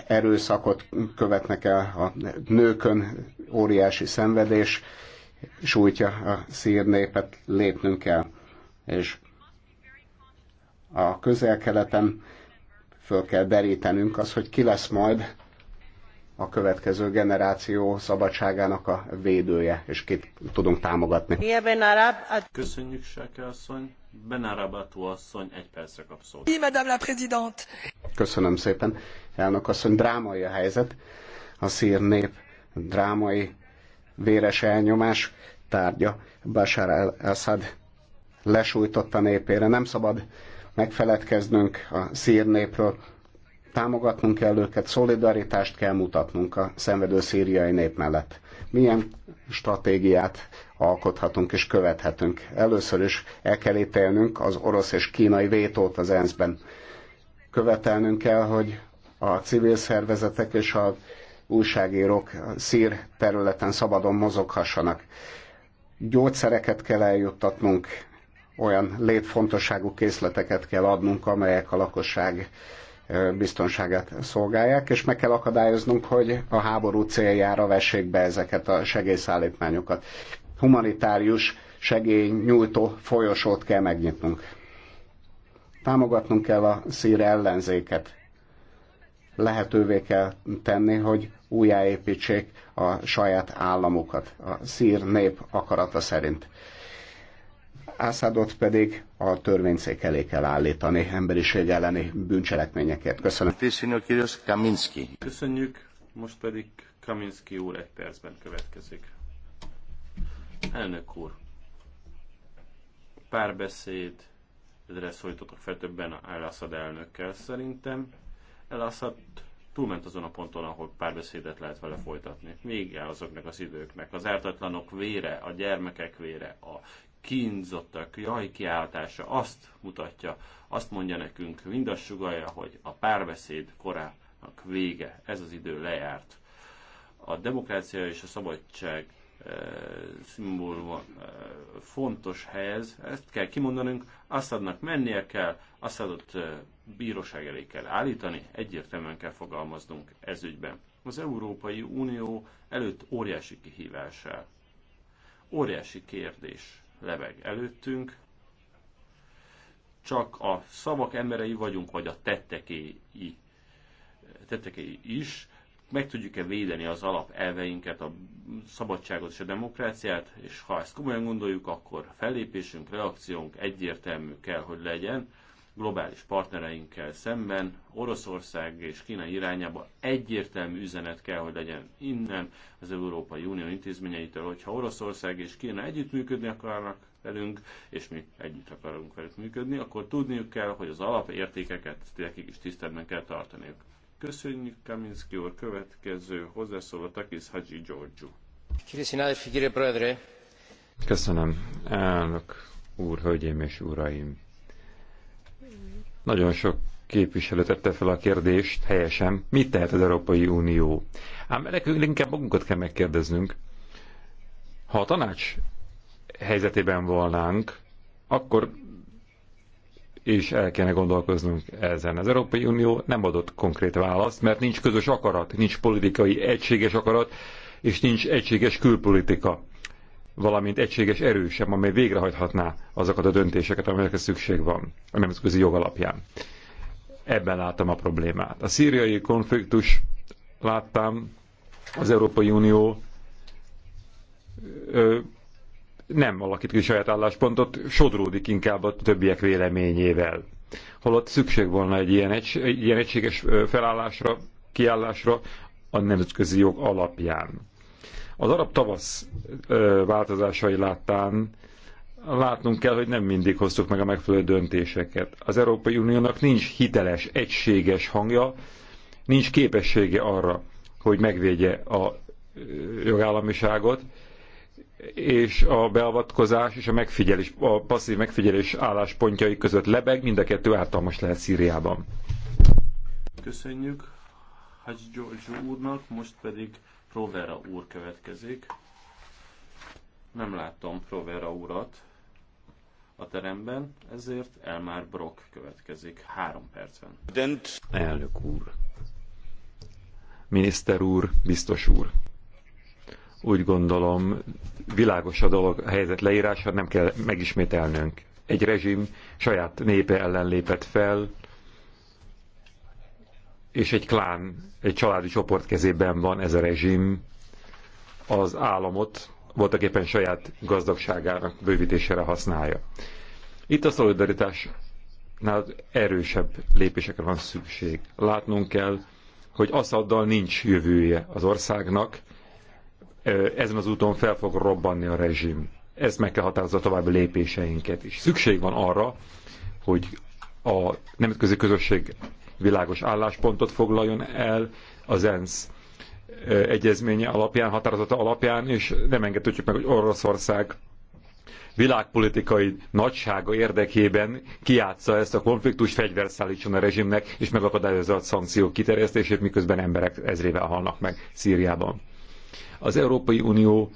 erőszakot követnek el a nőkön, óriási szenvedés sújtja a szír népet, lépnünk kell. És a közel-keleten föl kell derítenünk az, hogy ki lesz majd a következő generáció szabadságának a védője, és kit tudunk támogatni. Köszönjük, Sáke asszony. Benarabatú asszony, egy percre kap szót. Köszönöm szépen, elnök asszony. Drámai a helyzet. A szír nép drámai véres elnyomás tárgya. Bashar al-Assad lesújtotta népére. Nem szabad megfeledkeznünk a szír népről, támogatnunk kell őket, szolidaritást kell mutatnunk a szenvedő szíriai nép mellett. Milyen stratégiát alkothatunk és követhetünk? Először is el kell ítélnünk az orosz és kínai vétót az ENSZ-ben. Követelnünk kell, hogy a civil szervezetek és a újságírók szír területen szabadon mozoghassanak. Gyógyszereket kell eljuttatnunk olyan létfontosságú készleteket kell adnunk, amelyek a lakosság biztonságát szolgálják, és meg kell akadályoznunk, hogy a háború céljára vessék be ezeket a segélyszállítmányokat. Humanitárius nyújtó folyosót kell megnyitnunk. Támogatnunk kell a szír ellenzéket. Lehetővé kell tenni, hogy újjáépítsék a saját államukat, a szír nép akarata szerint. Ászádot pedig a törvényszék elé kell állítani emberiség elleni bűncselekményekért. Köszönöm. Köszönjük, most pedig Kaminski úr egy percben következik. Elnök úr, párbeszéd, ezre szólítottak fel többen El Assad elnökkel. Szerintem El Assad túlment azon a ponton, ahol párbeszédet lehet vele folytatni. Vége azoknak az időknek. Az ártatlanok vére, a gyermekek vére, a kínzottak jaj kiáltása azt mutatja, azt mondja nekünk, mindaz sugalja, hogy a párbeszéd korának vége, ez az idő lejárt. A demokrácia és a szabadság e, szimbóluma e, fontos helyez, ezt kell kimondanunk, Assadnak mennie kell, Assadot e, bíróság elé kell állítani, egyértelműen kell fogalmaznunk ez ügyben. Az Európai Unió előtt óriási kihívás áll. Óriási kérdés Leveg előttünk, csak a szavak emberei vagyunk, vagy a tettekéi, tettekéi is, meg tudjuk-e védeni az alapelveinket, a szabadságot és a demokráciát, és ha ezt komolyan gondoljuk, akkor fellépésünk, reakciónk egyértelmű kell, hogy legyen, globális partnereinkkel szemben, Oroszország és Kína irányába egyértelmű üzenet kell, hogy legyen innen az Európai Unió intézményeitől, hogyha Oroszország és Kína együttműködni akarnak velünk, és mi együtt akarunk velük működni, akkor tudniuk kell, hogy az alapértékeket nekik is tiszteletben kell tartaniuk. Köszönjük Kaminski úr, következő hozzászóló Takis Haji Giorgio. Köszönöm, elnök úr, hölgyeim és uraim! Nagyon sok képviselő tette fel a kérdést helyesen, mit tehet az Európai Unió? Ám inkább magunkat kell megkérdeznünk. Ha a tanács helyzetében volnánk, akkor is el kéne gondolkoznunk ezen. Az Európai Unió nem adott konkrét választ, mert nincs közös akarat, nincs politikai egységes akarat, és nincs egységes külpolitika valamint egységes erő sem, amely végrehajthatná azokat a döntéseket, amelyekre szükség van a nemzetközi jog alapján. Ebben láttam a problémát. A szíriai konfliktus láttam, az Európai Unió ö, nem alakít ki saját álláspontot, sodródik inkább a többiek véleményével. Holott szükség volna egy ilyen, egy, egy ilyen egységes felállásra, kiállásra a nemzetközi jog alapján az arab tavasz változásai láttán látnunk kell, hogy nem mindig hoztuk meg a megfelelő döntéseket. Az Európai Uniónak nincs hiteles, egységes hangja, nincs képessége arra, hogy megvédje a jogállamiságot, és a beavatkozás és a, megfigyelés, a passzív megfigyelés álláspontjai között lebeg, mind a kettő ártalmas lehet Szíriában. Köszönjük hajj George úrnak, most pedig Provera úr következik. Nem látom Provera urat a teremben, ezért Elmár Brock következik három percben. Dent. Elnök úr, miniszter úr, biztos úr. Úgy gondolom, világos a dolog, a helyzet leírása, nem kell megismételnünk. Egy rezsim saját népe ellen lépett fel, és egy klán, egy családi csoport kezében van ez a rezsim, az államot voltak éppen saját gazdagságának bővítésére használja. Itt a szolidaritásnál erősebb lépésekre van szükség. Látnunk kell, hogy Assaddal nincs jövője az országnak, ezen az úton fel fog robbanni a rezsim. Ez meg kell határozza további lépéseinket is. Szükség van arra, hogy a nemzetközi közösség világos álláspontot foglaljon el az ENSZ egyezménye alapján, határozata alapján, és nem engedhetjük meg, hogy Oroszország világpolitikai nagysága érdekében kiátsza ezt a konfliktus fegyvert szállítson a rezsimnek, és megakadályozza a szankciók kiterjesztését, miközben emberek ezrével halnak meg Szíriában. Az Európai Unió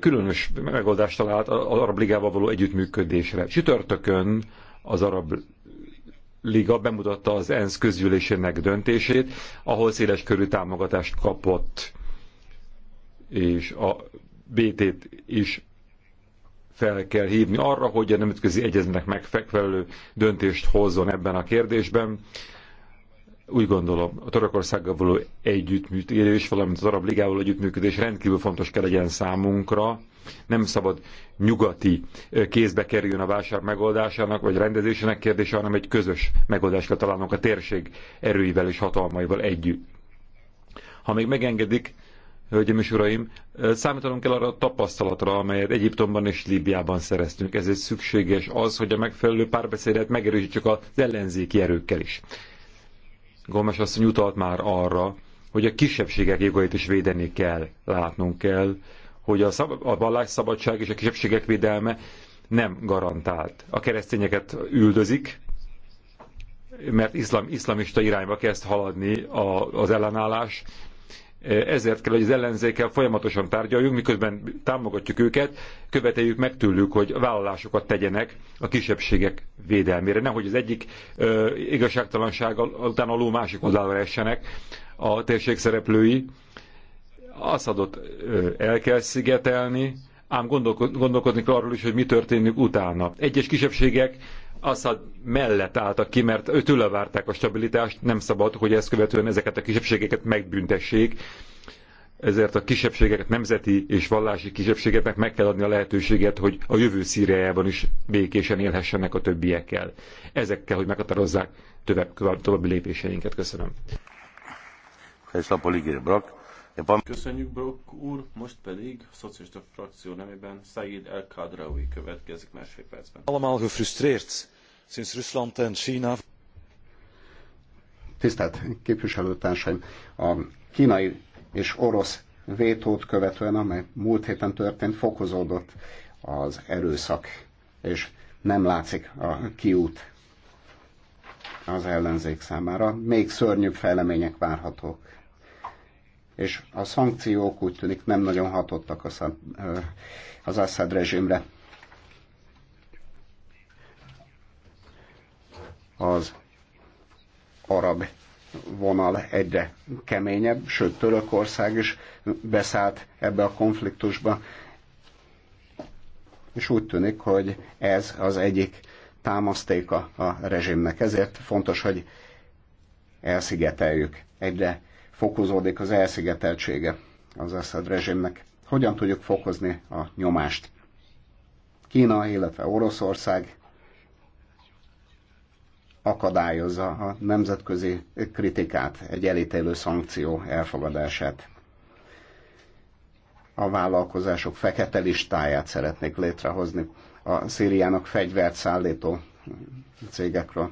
különös megoldást talált az Arab Ligával való együttműködésre. Sütörtökön az Arab Liga bemutatta az ENSZ közgyűlésének döntését, ahol széles körű támogatást kapott, és a BT-t is fel kell hívni arra, hogy a nemzetközi egyezmények megfelelő döntést hozzon ebben a kérdésben. Úgy gondolom, a Törökországgal való együttműködés, valamint az Arab Ligával együttműködés rendkívül fontos kell legyen számunkra, nem szabad nyugati kézbe kerüljön a válság megoldásának vagy rendezésének kérdése, hanem egy közös megoldást kell találnunk a térség erőivel és hatalmaival együtt. Ha még megengedik, hölgyeim és uraim, számítanunk kell arra a tapasztalatra, amelyet Egyiptomban és Líbiában szereztünk. Ezért szükséges az, hogy a megfelelő párbeszédet megerősítsük az ellenzéki erőkkel is. Gomes asszony utalt már arra, hogy a kisebbségek jogait is védeni kell, látnunk kell, hogy a, szab- a vallásszabadság és a kisebbségek védelme nem garantált. A keresztényeket üldözik, mert iszlam, iszlamista irányba kezd haladni a, az ellenállás. Ezért kell, hogy az ellenzékkel folyamatosan tárgyaljunk, miközben támogatjuk őket, követeljük meg tőlük, hogy vállalásokat tegyenek a kisebbségek védelmére. Nehogy az egyik ö, igazságtalanság után alul másik oldalra essenek a térség szereplői, adott el kell szigetelni, ám gondolkodni kell arról is, hogy mi történik utána. Egyes kisebbségek Assad mellett álltak ki, mert őtől várták a stabilitást, nem szabad, hogy ezt követően ezeket a kisebbségeket megbüntessék, ezért a kisebbségeket, nemzeti és vallási kisebbségeknek meg kell adni a lehetőséget, hogy a jövő Szíriájában is békésen élhessenek a többiekkel. Ezekkel, hogy meghatározzák tovább, további lépéseinket. Köszönöm. Köszönöm, Brock. Van... Köszönjük, Brock úr. Most pedig a szocialista frakció nemében Said El Kadraoui következik másfél percben. Allemaal gefrustreerd, sinds Rusland en China... Tisztelt képviselőtársaim, a kínai és orosz vétót követően, amely múlt héten történt, fokozódott az erőszak, és nem látszik a kiút az ellenzék számára. Még szörnyűbb fejlemények várhatók és a szankciók úgy tűnik nem nagyon hatottak az Assad rezsimre. Az arab vonal egyre keményebb, sőt Törökország is beszállt ebbe a konfliktusba, és úgy tűnik, hogy ez az egyik támasztéka a rezsimnek. Ezért fontos, hogy elszigeteljük egyre fokozódik az elszigeteltsége az Assad rezsimnek. Hogyan tudjuk fokozni a nyomást? Kína, illetve Oroszország akadályozza a nemzetközi kritikát, egy elítélő szankció elfogadását. A vállalkozások fekete listáját szeretnék létrehozni a Szíriának fegyvert szállító cégekről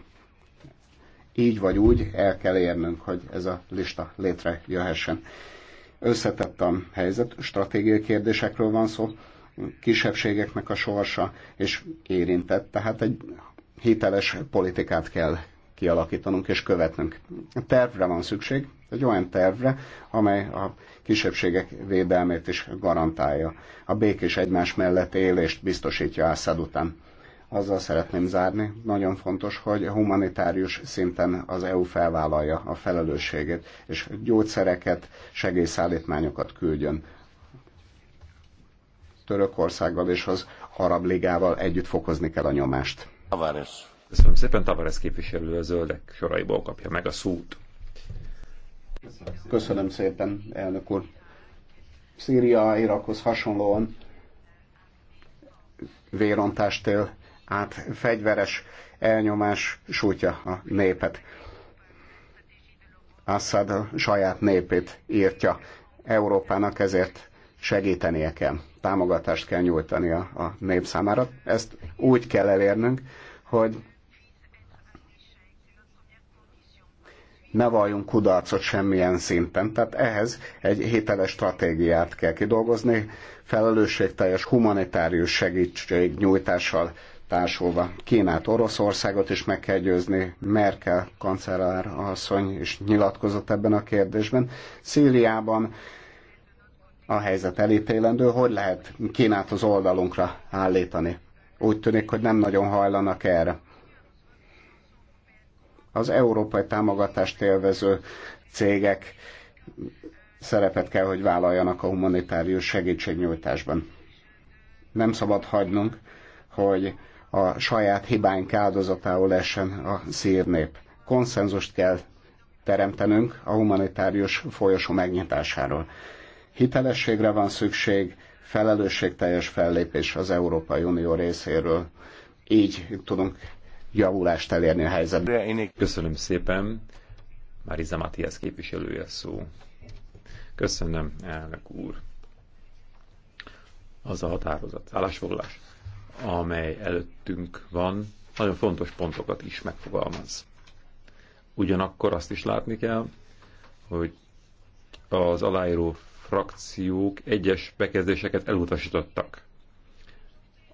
így vagy úgy el kell érnünk, hogy ez a lista létrejöhessen. Összetett a helyzet, stratégiai kérdésekről van szó, kisebbségeknek a sorsa, és érintett, tehát egy hiteles politikát kell kialakítanunk és követnünk. Tervre van szükség, egy olyan tervre, amely a kisebbségek védelmét is garantálja. A békés egymás mellett élést biztosítja Ászad után azzal szeretném zárni. Nagyon fontos, hogy humanitárius szinten az EU felvállalja a felelősségét, és gyógyszereket, segélyszállítmányokat küldjön. Törökországgal és az Arab Ligával együtt fokozni kell a nyomást. Tavares. Köszönöm szépen, Tavares képviselő a zöldek soraiból kapja meg a szót. Köszönöm szépen, elnök úr. Szíria, Irakhoz hasonlóan vérontást él át fegyveres elnyomás sújtja a népet. Assad a saját népét írtja. Európának ezért segítenie kell, támogatást kell nyújtani a nép számára. Ezt úgy kell elérnünk, hogy ne valljunk kudarcot semmilyen szinten. Tehát ehhez egy hiteles stratégiát kell kidolgozni, felelősségteljes humanitárius segítségnyújtással társulva Kínát, Oroszországot is meg kell győzni. Merkel kancellár asszony is nyilatkozott ebben a kérdésben. Szíriában a helyzet elítélendő, hogy lehet Kínát az oldalunkra állítani. Úgy tűnik, hogy nem nagyon hajlanak erre. Az európai támogatást élvező cégek szerepet kell, hogy vállaljanak a humanitárius segítségnyújtásban. Nem szabad hagynunk, hogy a saját hibáink áldozatául essen a szírnép. Konszenzust kell teremtenünk a humanitárius folyosó megnyitásáról. Hitelességre van szükség, felelősségteljes fellépés az Európai Unió részéről. Így tudunk javulást elérni a helyzetben. Köszönöm szépen. Mariza Matias képviselője szó. Köszönöm, elnök úr. Az a határozat, állásfoglalás amely előttünk van, nagyon fontos pontokat is megfogalmaz. Ugyanakkor azt is látni kell, hogy az aláíró frakciók egyes bekezdéseket elutasítottak,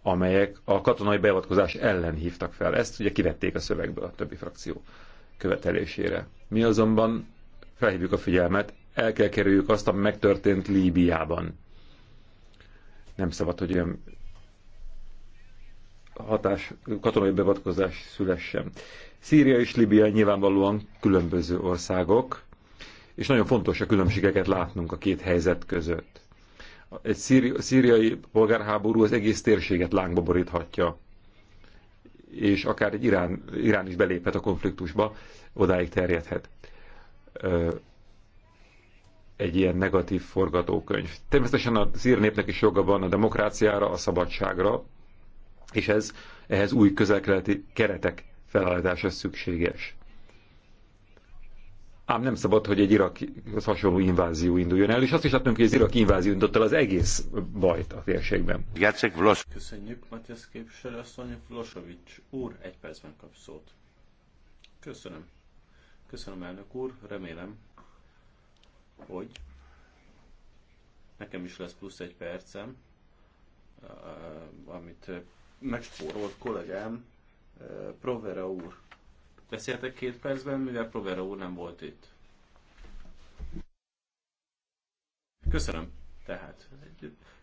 amelyek a katonai beavatkozás ellen hívtak fel. Ezt ugye kivették a szövegből a többi frakció követelésére. Mi azonban felhívjuk a figyelmet, el kell kerüljük azt, ami megtörtént Líbiában. Nem szabad, hogy olyan hatás, katonai beavatkozás szülessen. Szíria és Libia nyilvánvalóan különböző országok, és nagyon fontos a különbségeket látnunk a két helyzet között. Egy szíri, szíriai polgárháború az egész térséget lángba boríthatja, és akár egy Irán, Irán is beléphet a konfliktusba, odáig terjedhet. Egy ilyen negatív forgatókönyv. Természetesen a szír népnek is joga van a demokráciára, a szabadságra, és ez, ehhez új közelkeleti keretek felállítása szükséges. Ám nem szabad, hogy egy irakhoz hasonló invázió induljon el, és azt is látunk, hogy az iraki invázió indult, el az egész bajt a térségben. Köszönjük, Matyasz képviselő asszony, Vlosovics úr, egy percben kap szót. Köszönöm. Köszönöm, elnök úr, remélem, hogy nekem is lesz plusz egy percem, eh, amit megspórolt kollégám, eh, Provera úr. Beszéltek két percben, mivel Provera úr nem volt itt. Köszönöm. Tehát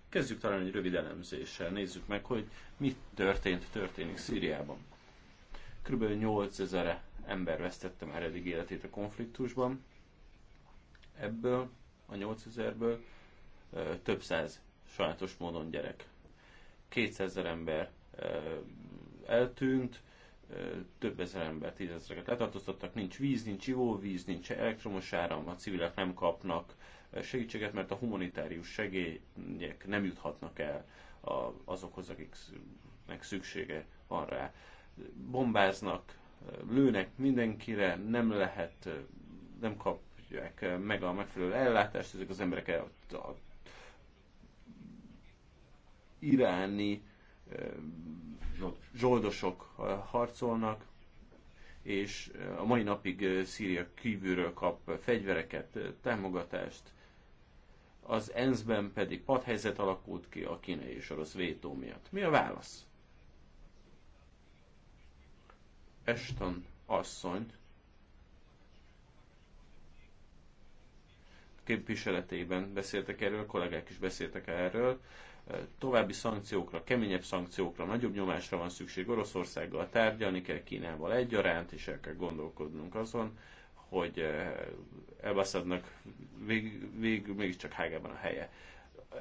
kezdjük talán egy rövid elemzéssel. Nézzük meg, hogy mi történt, történik Szíriában. Körülbelül 8000 ember vesztette már eddig életét a konfliktusban. Ebből a 8000-ből eh, több száz sajátos módon gyerek. 200 ember eltűnt, több ezer ember, tízezreket letartóztattak, nincs víz, nincs ivóvíz, nincs elektromos áram, a civilek nem kapnak segítséget, mert a humanitárius segélyek nem juthatnak el azokhoz, akiknek szüksége van rá. Bombáznak, lőnek mindenkire, nem lehet, nem kapják meg a megfelelő ellátást, ezek az emberek a, a iráni zsoldosok harcolnak, és a mai napig Szíria kívülről kap fegyvereket, támogatást. Az ENSZ-ben pedig padhelyzet alakult ki a kínai és orosz vétó miatt. Mi a válasz? Eston asszonyt képviseletében beszéltek erről, kollégák is beszéltek erről, további szankciókra, keményebb szankciókra, nagyobb nyomásra van szükség Oroszországgal, tárgyalni kell Kínával egyaránt, és el kell gondolkodnunk azon, hogy eh, Elbaszadnak végül, vég, mégiscsak Hágában a helye.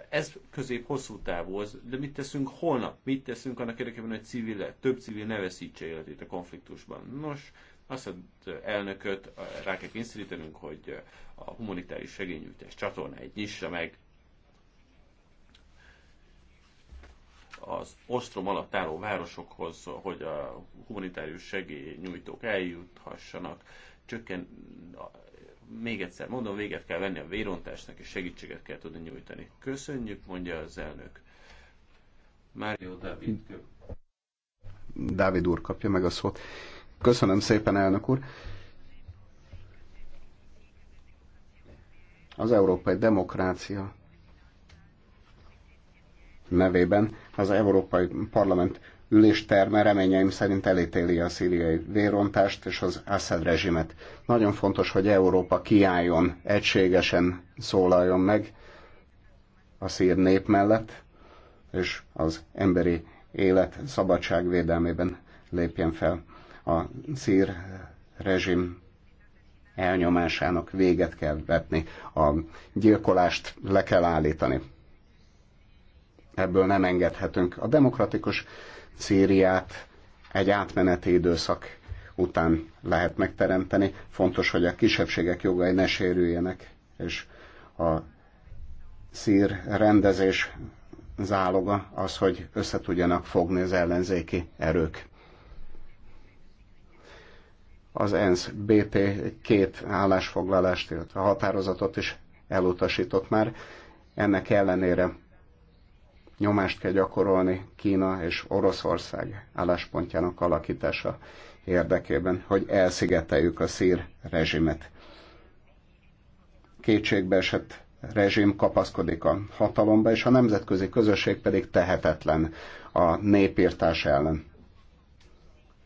Ez közép-hosszú távú, de mit teszünk holnap? Mit teszünk annak érdekében, hogy civil, több civil ne veszítse életét a konfliktusban? Nos, azt elnököt rá kell kényszerítenünk, hogy a humanitárius segényújtás csatornáit nyissa meg, az ostrom alatt álló városokhoz, hogy a humanitárius segélynyújtók eljuthassanak, csökken, még egyszer mondom, véget kell venni a vérontásnak, és segítséget kell tudni nyújtani. Köszönjük, mondja az elnök. Mário Dávid. Dávid úr kapja meg a szót. Köszönöm szépen, elnök úr. Az európai demokrácia nevében az Európai Parlament ülésterme reményeim szerint elítéli a szíriai vérontást és az Assad rezsimet. Nagyon fontos, hogy Európa kiálljon, egységesen szólaljon meg a szír nép mellett, és az emberi élet szabadság védelmében lépjen fel. A szír rezsim elnyomásának véget kell vetni, a gyilkolást le kell állítani ebből nem engedhetünk. A demokratikus Szíriát egy átmeneti időszak után lehet megteremteni. Fontos, hogy a kisebbségek jogai ne sérüljenek, és a szír rendezés záloga az, hogy összetudjanak fogni az ellenzéki erők. Az ENSZ BP két állásfoglalást, illetve határozatot is elutasított már. Ennek ellenére nyomást kell gyakorolni Kína és Oroszország álláspontjának alakítása érdekében, hogy elszigeteljük a szír rezsimet. Kétségbe esett rezsim kapaszkodik a hatalomba, és a nemzetközi közösség pedig tehetetlen a népírtás ellen.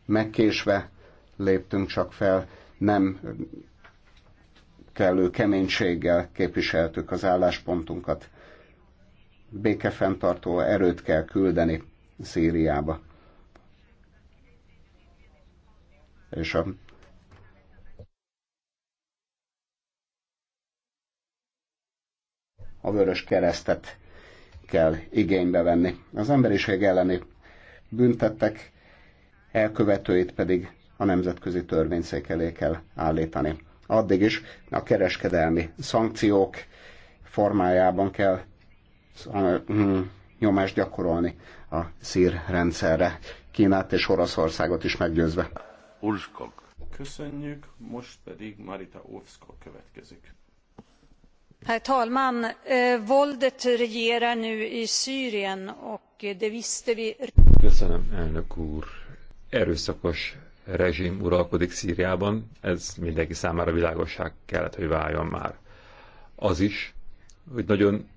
Megkésve léptünk csak fel, nem kellő keménységgel képviseltük az álláspontunkat békefenntartó erőt kell küldeni Szíriába. És a a vörös keresztet kell igénybe venni. Az emberiség elleni büntettek elkövetőit pedig a nemzetközi törvényszék elé kell állítani. Addig is a kereskedelmi szankciók formájában kell nyomást gyakorolni a szír rendszerre, Kínát és Oroszországot is meggyőzve. Ulskog. Köszönjük, most pedig Marita Ulskog következik. Herr talman! Eh, voldet regerar nu i Syrien och det visste vi... Köszönöm, elnök úr. Erőszakos rezsim uralkodik Szíriában, ez mindenki számára világosság kellett, hogy váljon már. Az is, hogy nagyon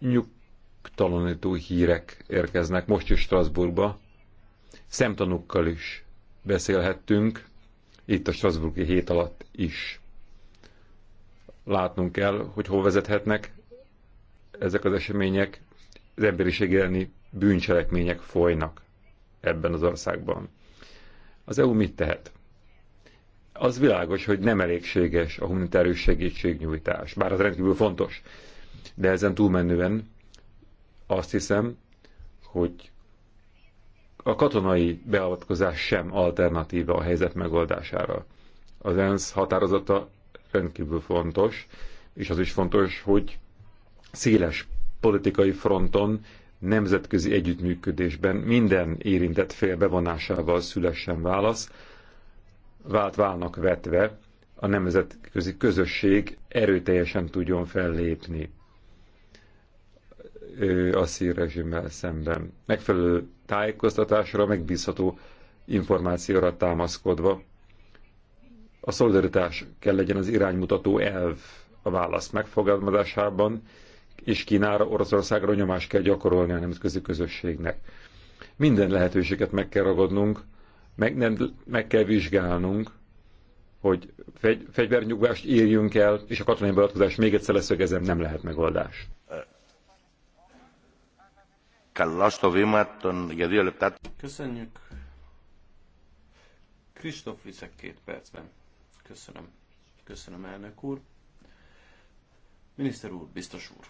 nyugtalanító hírek érkeznek most is Strasbourgba. Szemtanúkkal is beszélhettünk, itt a Strasbourgi hét alatt is. Látnunk kell, hogy hol vezethetnek ezek az események, az emberiség elleni bűncselekmények folynak ebben az országban. Az EU mit tehet? Az világos, hogy nem elégséges a humanitárius segítségnyújtás, bár az rendkívül fontos. De ezen túlmenően azt hiszem, hogy a katonai beavatkozás sem alternatíva a helyzet megoldására. Az ENSZ határozata rendkívül fontos, és az is fontos, hogy széles politikai fronton, nemzetközi együttműködésben minden érintett fél bevonásával szülessen válasz, vált válnak vetve a nemzetközi közösség erőteljesen tudjon fellépni a szírrezsimmel szemben. Megfelelő tájékoztatásra, megbízható információra támaszkodva. A szolidaritás kell legyen az iránymutató elv a válasz megfogadmazásában, és Kínára, Oroszországra nyomást kell gyakorolni a nemzetközi közösségnek. Minden lehetőséget meg kell ragadnunk, meg, nem, meg kell vizsgálnunk, hogy fegy, fegyvernyugvást írjunk el, és a katonai beavatkozás még egyszer leszögezem, nem lehet megoldás. Köszönjük. Kristóf Lizek két percben. Köszönöm. Köszönöm, elnök úr. Miniszter úr, biztos úr.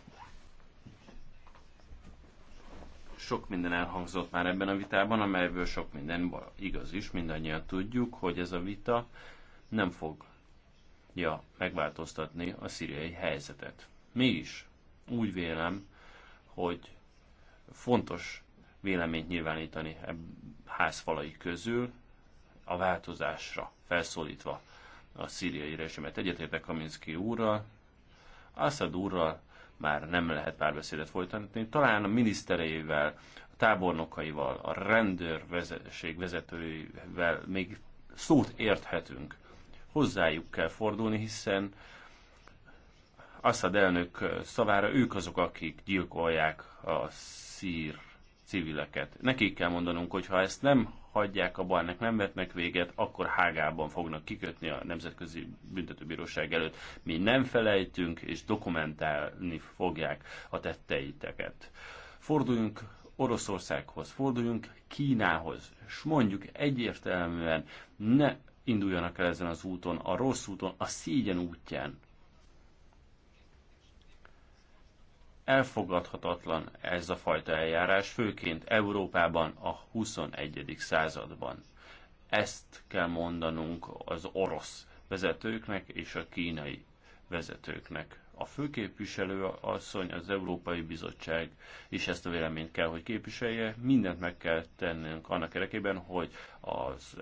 Sok minden elhangzott már ebben a vitában, amelyből sok minden igaz is, mindannyian tudjuk, hogy ez a vita nem fogja megváltoztatni a szíriai helyzetet. Mi is úgy vélem, hogy fontos véleményt nyilvánítani e házfalai közül a változásra felszólítva a szíriai rezsimet. Egyetértek Kaminski úrral, Assad úrral már nem lehet párbeszédet folytatni. Talán a minisztereivel, a tábornokaival, a rendőrség vezetőivel még szót érthetünk. Hozzájuk kell fordulni, hiszen Assad elnök szavára ők azok, akik gyilkolják a szír civileket. Nekik kell mondanunk, hogy ha ezt nem hagyják a ennek nem vetnek véget, akkor hágában fognak kikötni a Nemzetközi Büntetőbíróság előtt. Mi nem felejtünk, és dokumentálni fogják a tetteiteket. Forduljunk Oroszországhoz, forduljunk Kínához, és mondjuk egyértelműen ne induljanak el ezen az úton, a rossz úton, a szégyen útján. Elfogadhatatlan ez a fajta eljárás, főként Európában a 21. században. Ezt kell mondanunk az orosz vezetőknek és a kínai vezetőknek. A főképviselő asszony, az Európai Bizottság is ezt a véleményt kell, hogy képviselje. Mindent meg kell tennünk annak érdekében, hogy az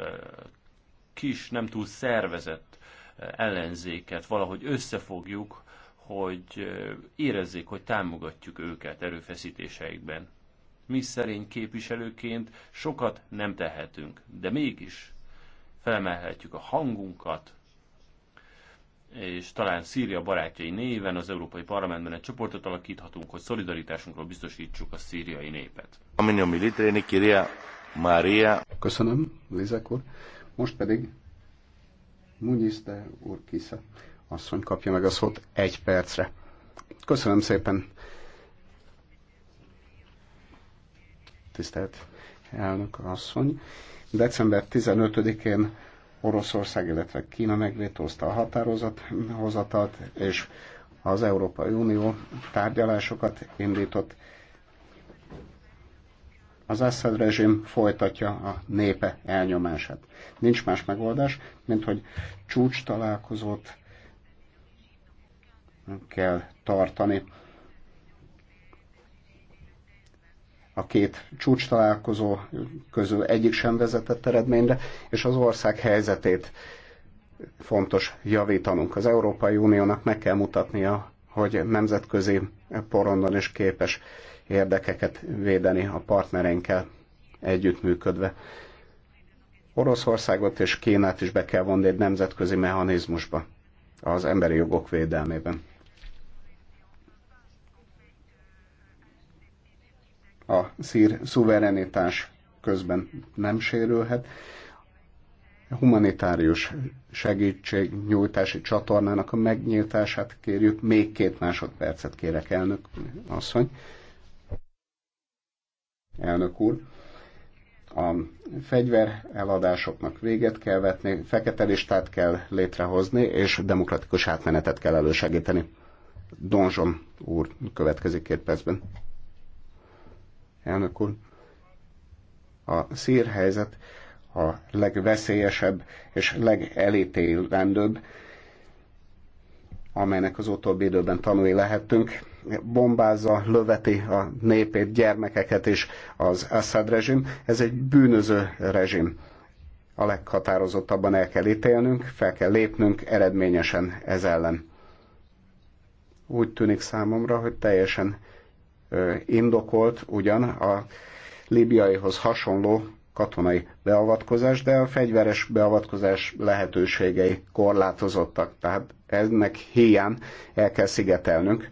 kis, nem túl szervezett ellenzéket valahogy összefogjuk, hogy érezzék, hogy támogatjuk őket erőfeszítéseikben. Mi szerény képviselőként sokat nem tehetünk, de mégis felemelhetjük a hangunkat, és talán Szíria barátjai néven az Európai Parlamentben egy csoportot alakíthatunk, hogy szolidaritásunkról biztosítsuk a szíriai népet. Köszönöm, Lizek úr. Most pedig Muniszte úr Kisza asszony kapja meg a szót egy percre. Köszönöm szépen. Tisztelt elnök asszony. December 15-én Oroszország, illetve Kína megvétózta a határozathozatalt, és az Európai Unió tárgyalásokat indított. Az Assad rezsim folytatja a népe elnyomását. Nincs más megoldás, mint hogy csúcs találkozott kell tartani. A két csúcs találkozó közül egyik sem vezetett eredményre, és az ország helyzetét fontos javítanunk. Az Európai Uniónak meg kell mutatnia, hogy nemzetközi porondon is képes érdekeket védeni a partnereinkkel együttműködve. Oroszországot és Kínát is be kell vonni egy nemzetközi mechanizmusba az emberi jogok védelmében. a szír szuverenitás közben nem sérülhet. Humanitárius segítségnyújtási csatornának a megnyitását kérjük. Még két másodpercet kérek, elnök asszony. Elnök úr a fegyver eladásoknak véget kell vetni, fekete listát kell létrehozni, és demokratikus átmenetet kell elősegíteni. Donzson úr következik két percben elnök úr. A szír helyzet a legveszélyesebb és legelítélendőbb, amelynek az utóbbi időben tanulni lehettünk. Bombázza, löveti a népét, gyermekeket is az Assad rezsim. Ez egy bűnöző rezsim a leghatározottabban el kell ítélnünk, fel kell lépnünk eredményesen ez ellen. Úgy tűnik számomra, hogy teljesen indokolt ugyan a libiaihoz hasonló katonai beavatkozás, de a fegyveres beavatkozás lehetőségei korlátozottak. Tehát ennek hiány el kell szigetelnünk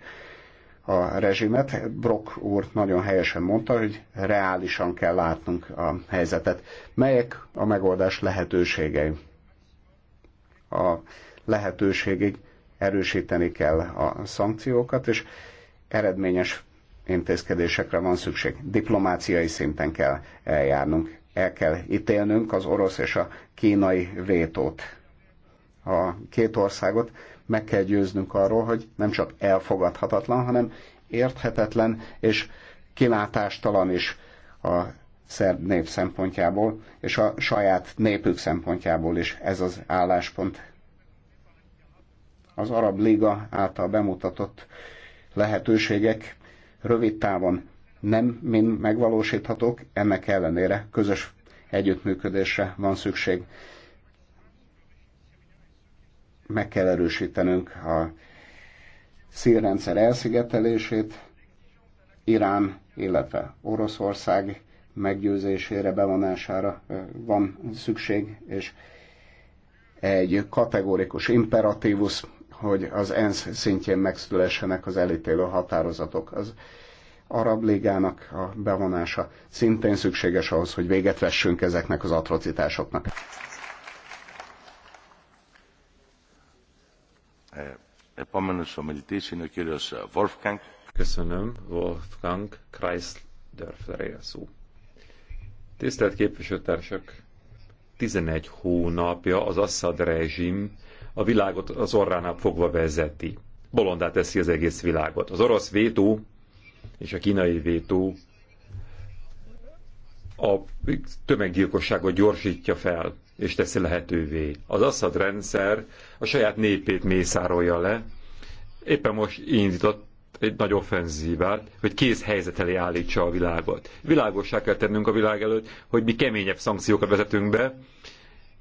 a rezsimet. Brock úr nagyon helyesen mondta, hogy reálisan kell látnunk a helyzetet. Melyek a megoldás lehetőségei? A lehetőségig erősíteni kell a szankciókat, és eredményes intézkedésekre van szükség. Diplomáciai szinten kell eljárnunk, el kell ítélnünk az orosz és a kínai vétót. A két országot meg kell győznünk arról, hogy nem csak elfogadhatatlan, hanem érthetetlen és kilátástalan is a szerb nép szempontjából, és a saját népük szempontjából is ez az álláspont. Az Arab Liga által bemutatott lehetőségek rövid távon nem mind megvalósíthatók, ennek ellenére közös együttműködésre van szükség. Meg kell erősítenünk a szírrendszer elszigetelését, Irán, illetve Oroszország meggyőzésére, bevonására van szükség, és egy kategórikus imperatívus hogy az ENSZ szintjén megszülessenek az elítélő határozatok. Az Arab Ligának a bevonása szintén szükséges ahhoz, hogy véget vessünk ezeknek az atrocitásoknak. Eh, Wolfgang. Köszönöm, Wolfgang Kreisdörfleré szó. Tisztelt képviselőtársak! 11 hónapja az Assad rezsim a világot az orránál fogva vezeti. Bolondá teszi az egész világot. Az orosz vétó és a kínai vétó a tömeggyilkosságot gyorsítja fel, és teszi lehetővé. Az Assad rendszer a saját népét mészárolja le. Éppen most indított egy nagy offenzívát, hogy kész helyzet elé állítsa a világot. Világosság kell tennünk a világ előtt, hogy mi keményebb szankciókat vezetünk be,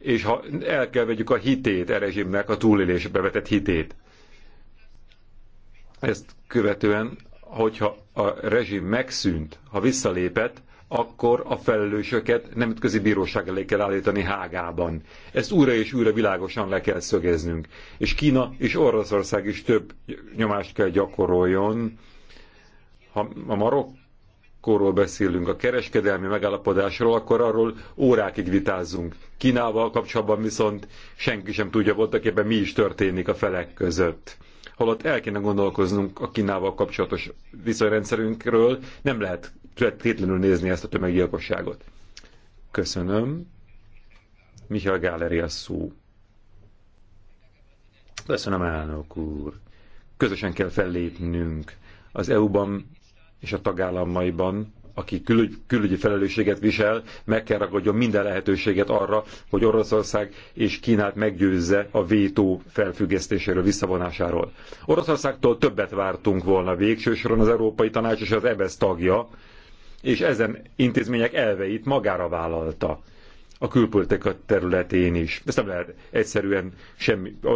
és ha el kell vegyük a hitét a rezsimnek, a túlélésbe vetett hitét. Ezt követően, hogyha a rezsim megszűnt, ha visszalépett, akkor a felelősöket nemzetközi bíróság elé kell állítani Hágában. Ezt újra és újra világosan le kell szögeznünk. És Kína és Oroszország is több nyomást kell gyakoroljon. Ha a marok korról beszélünk, a kereskedelmi megállapodásról, akkor arról órákig vitázzunk. Kínával kapcsolatban viszont senki sem tudja voltak éppen mi is történik a felek között. Holott el kéne gondolkoznunk a Kínával kapcsolatos viszonyrendszerünkről, nem lehet tétlenül nézni ezt a tömeggyilkosságot. Köszönöm. Michael Gáleri a szó. Köszönöm, elnök úr. Közösen kell fellépnünk. Az EU-ban és a tagállamaiban, aki külügy, külügyi felelősséget visel, meg kell ragadjon minden lehetőséget arra, hogy Oroszország és Kínát meggyőzze a vétó felfüggesztéséről, visszavonásáról. Oroszországtól többet vártunk volna végső soron az Európai Tanács és az EBSZ e tagja, és ezen intézmények elveit magára vállalta a külpolitika területén is. Ezt nem lehet egyszerűen semmi a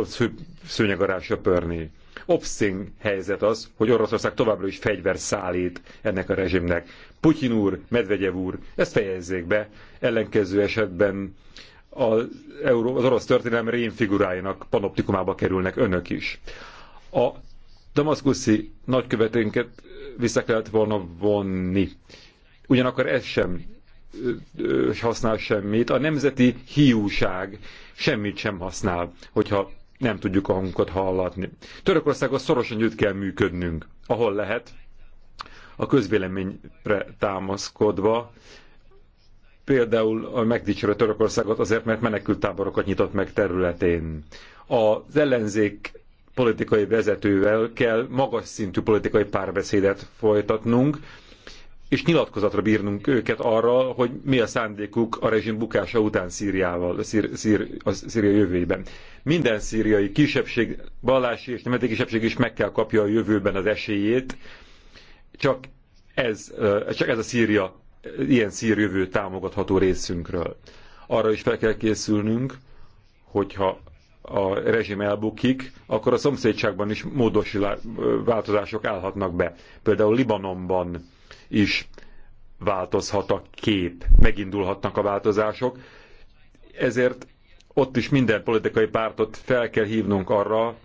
szőnyegarásra pörni obszín helyzet az, hogy Oroszország továbbra is fegyver szállít ennek a rezsimnek. Putyin úr, Medvegyev úr, ezt fejezzék be, ellenkező esetben az, orosz történelem rémfigurájának panoptikumába kerülnek önök is. A damaszkuszi nagykövetőnket vissza kellett volna vonni. Ugyanakkor ez sem használ semmit. A nemzeti hiúság semmit sem használ, hogyha nem tudjuk a hangunkat hallatni. Törökországhoz szorosan együtt kell működnünk, ahol lehet, a közvéleményre támaszkodva, például a megdicsérő Törökországot azért, mert táborokat nyitott meg területén. Az ellenzék politikai vezetővel kell magas szintű politikai párbeszédet folytatnunk, és nyilatkozatra bírnunk őket arra, hogy mi a szándékuk a rezsim bukása után Szíriával, a, szír, szír, a Szíria jövőjében. Minden szíriai kisebbség, vallási és nemzeti kisebbség is meg kell kapja a jövőben az esélyét, csak ez, csak ez a Szíria, ilyen szír jövő támogatható részünkről. Arra is fel kell készülnünk, hogyha a rezsim elbukik, akkor a szomszédságban is módosulás, változások állhatnak be. Például Libanonban is változhat a kép, megindulhatnak a változások. Ezért ott is minden politikai pártot fel kell hívnunk arra,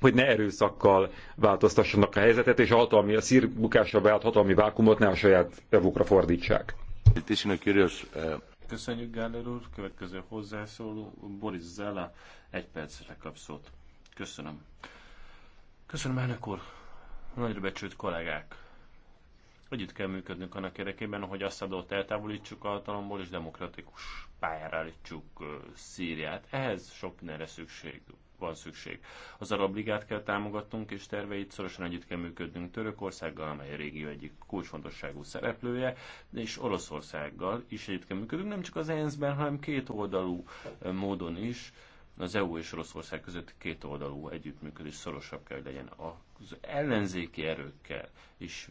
hogy ne erőszakkal változtassanak a helyzetet, és a, hatalmi, a szír bukásra beállt hatalmi vákumot ne a saját evukra fordítsák. Köszönjük, Gáler úr. Következő hozzászóló Boris Zella. Egy percre kap szót. Köszönöm. Köszönöm, elnök úr. Nagyra becsült kollégák. Együtt kell működnünk annak érdekében, hogy Assadot eltávolítsuk a hatalomból, és demokratikus pályára állítsuk Szíriát. Ehhez sok mindenre szükség van szükség. Az Arab Ligát kell támogatnunk, és terveit szorosan együtt kell működnünk Törökországgal, amely a régió egyik kulcsfontosságú szereplője, és Oroszországgal is együtt kell működnünk, nem csak az ENSZ-ben, hanem két oldalú módon is. Az EU és Oroszország között két oldalú együttműködés szorosabb kell, hogy legyen. Az ellenzéki erőkkel is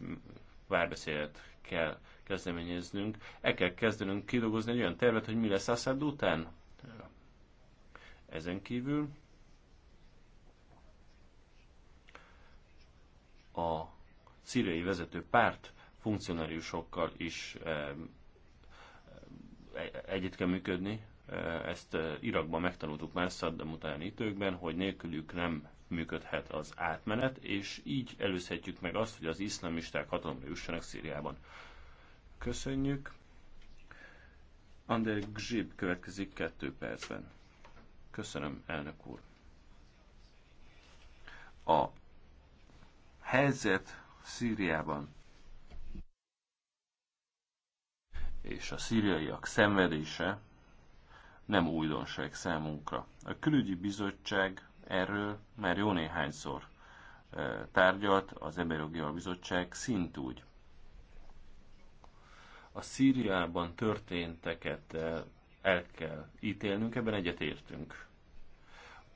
párbeszédet kell kezdeményeznünk. El kell kezdenünk kidolgozni egy olyan tervet, hogy mi lesz Assad után. Ezen kívül a szíriai vezető párt funkcionáriusokkal is e, együtt kell működni. Ezt Irakban megtanultuk már Saddam utáni időkben, hogy nélkülük nem működhet az átmenet, és így előzhetjük meg azt, hogy az iszlamisták hatalomra jussanak Szíriában. Köszönjük. Ander Gzsib következik kettő percben. Köszönöm, elnök úr. A helyzet Szíriában és a szíriaiak szenvedése nem újdonság számunkra. A külügyi bizottság erről már jó néhányszor tárgyalt az Emberi Bizottság szintúgy. A Szíriában történteket el kell ítélnünk, ebben egyetértünk.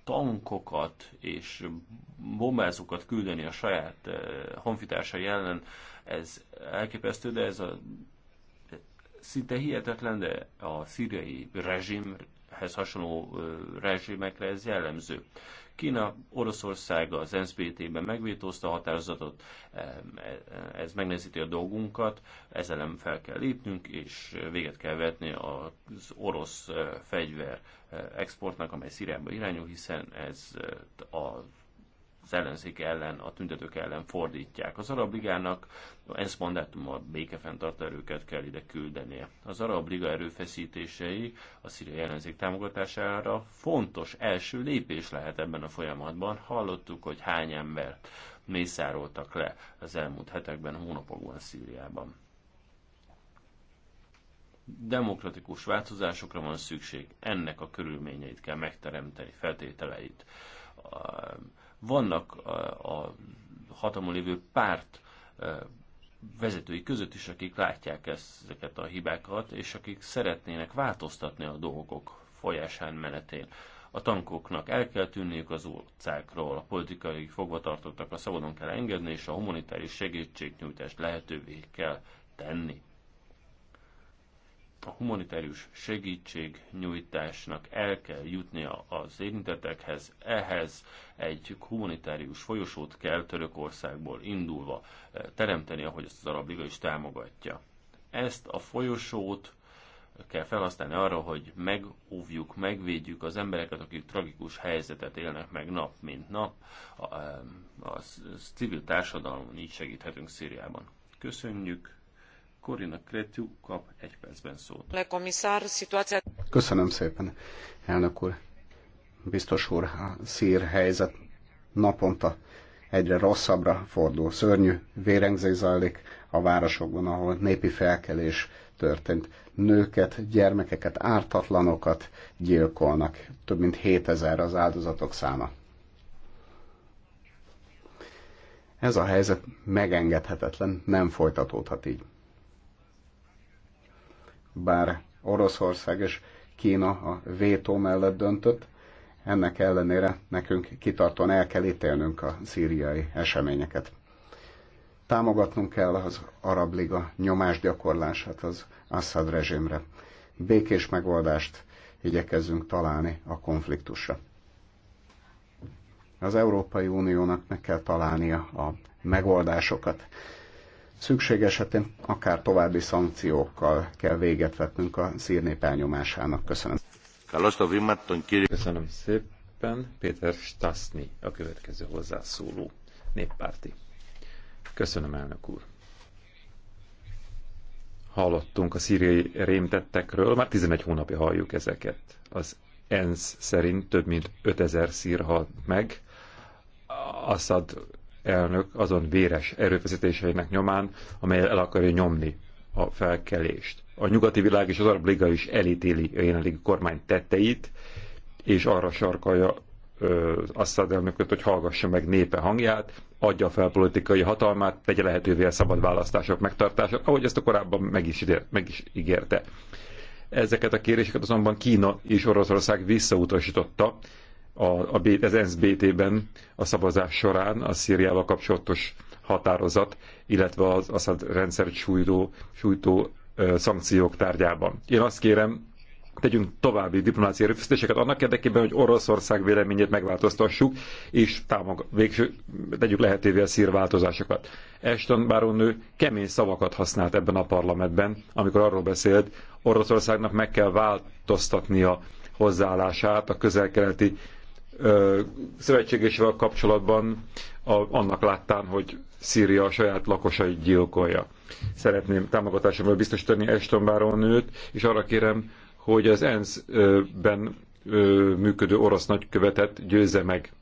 Tankokat és bombázókat küldeni a saját honfitársai ellen, ez elképesztő, de ez a szinte hihetetlen, de a szíriai rezsimhez hasonló rezsimekre ez jellemző. Kína Oroszország az NSBT-ben megvétózta a határozatot, ez megnézíti a dolgunkat, ezzel nem fel kell lépnünk, és véget kell vetni az orosz eh, fegyver eh, exportnak, amely Szíriába irányul, hiszen ez eh, a az ellenzék ellen, a tüntetők ellen fordítják. Az Arab Ligának ez mandátum a békefenntart erőket kell ide küldenie. Az Arab Liga erőfeszítései a szíriai ellenzék támogatására fontos első lépés lehet ebben a folyamatban. Hallottuk, hogy hány embert mészároltak le az elmúlt hetekben, hónapokban Szíriában demokratikus változásokra van szükség, ennek a körülményeit kell megteremteni, feltételeit vannak a hatalmon lévő párt vezetői között is, akik látják ezeket a hibákat, és akik szeretnének változtatni a dolgok folyásán menetén. A tankoknak el kell tűnniük az utcákról, a politikai fogvatartottak a szabadon kell engedni, és a humanitárius segítségnyújtást lehetővé kell tenni a humanitárius segítség nyújtásnak el kell jutnia az érintetekhez, ehhez egy humanitárius folyosót kell Törökországból indulva eh, teremteni, ahogy ezt az Arab Liga is támogatja. Ezt a folyosót kell felhasználni arra, hogy megóvjuk, megvédjük az embereket, akik tragikus helyzetet élnek meg nap, mint nap. A, a, a civil társadalom így segíthetünk Szíriában. Köszönjük! Korina Kretű kap egy percben szót. Köszönöm szépen, elnök úr. Biztos úr, a szír helyzet naponta egyre rosszabbra fordul. Szörnyű vérengzés zajlik a városokban, ahol népi felkelés történt. Nőket, gyermekeket, ártatlanokat gyilkolnak. Több mint 7000 az áldozatok száma. Ez a helyzet megengedhetetlen, nem folytatódhat így bár Oroszország és Kína a vétó mellett döntött, ennek ellenére nekünk kitartóan el kell ítélnünk a szíriai eseményeket. Támogatnunk kell az Arab Liga nyomásgyakorlását az Assad rezsimre. Békés megoldást igyekezzünk találni a konfliktusra. Az Európai Uniónak meg kell találnia a megoldásokat Szükség esetén akár további szankciókkal kell véget vetnünk a szír elnyomásának. Köszönöm. Köszönöm szépen. Péter Stasny a következő hozzászóló néppárti. Köszönöm, elnök úr hallottunk a szíriai rémtettekről, már 11 hónapja halljuk ezeket. Az ENSZ szerint több mint 5000 szír halt meg. Assad elnök azon véres erőfeszítéseinek nyomán, amelyel el akarja nyomni a felkelést. A nyugati világ és az arab liga is elítéli a jelenlegi kormány tetteit, és arra sarkalja az Assad elnököt, hogy hallgassa meg népe hangját, adja fel politikai hatalmát, tegye lehetővé a szabad választások megtartását, ahogy ezt a korábban meg is, ide, meg is ígérte. Ezeket a kéréseket azonban Kína és Oroszország visszautasította, a, a, az ENSZ BT-ben a szavazás során a Szíriával kapcsolatos határozat, illetve az Assad rendszert sújtó, sújtó ö, szankciók tárgyában. Én azt kérem, tegyünk további diplomáciai erőfeszítéseket annak érdekében, hogy Oroszország véleményét megváltoztassuk, és támog, végső, tegyük lehetővé a szír változásokat. Ashton Barónő kemény szavakat használt ebben a parlamentben, amikor arról beszélt, Oroszországnak meg kell változtatnia hozzáállását a közel-keleti szövetségesével kapcsolatban a, annak láttán, hogy Szíria a saját lakosait gyilkolja. Szeretném támogatásomra biztosítani Eston nőt, és arra kérem, hogy az ENSZ-ben működő orosz nagykövetet győzze meg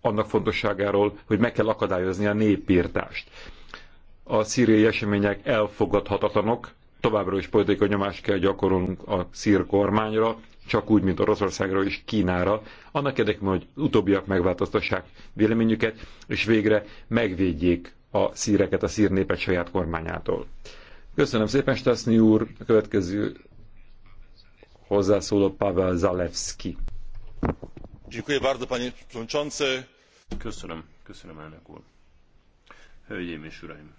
annak fontosságáról, hogy meg kell akadályozni a népírtást. A szíriai események elfogadhatatlanok, továbbra is politikai nyomást kell gyakorolnunk a szír kormányra, csak úgy, mint Oroszországra és Kínára, annak érdekében, hogy utóbbiak megváltoztassák véleményüket, és végre megvédjék a szíreket, a szír népet saját kormányától. Köszönöm szépen, Stasznyi úr. A következő hozzászóló Pavel Zalewski. Köszönöm, köszönöm elnök úr. Hölgyeim és uraim!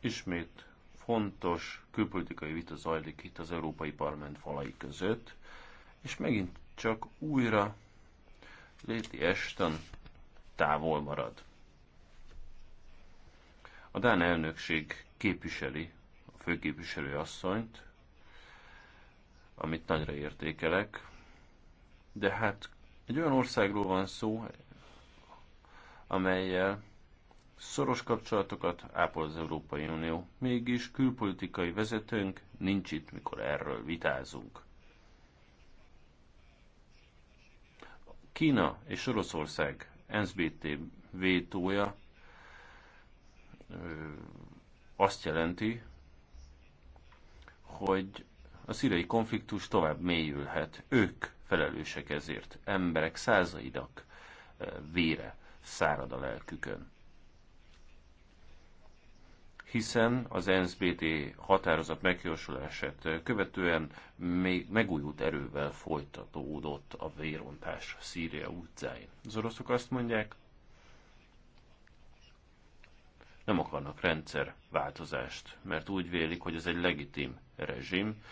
Ismét fontos külpolitikai vita zajlik itt az Európai Parlament falai között, és megint csak újra Léti Esten távol marad. A Dán elnökség képviseli a főképviselő asszonyt, amit nagyra értékelek, de hát egy olyan országról van szó, amelyel Szoros kapcsolatokat ápol az Európai Unió, mégis külpolitikai vezetőnk nincs itt, mikor erről vitázunk. Kína és Oroszország NSBT vétója azt jelenti, hogy a szíriai konfliktus tovább mélyülhet. Ők felelősek ezért. Emberek százaidak vére szárad a lelkükön hiszen az NSBT határozat megjósolását követően még megújult erővel folytatódott a vérontás Szíria utcáin. Az oroszok azt mondják, nem akarnak rendszerváltozást, mert úgy vélik, hogy ez egy legitim rezsim,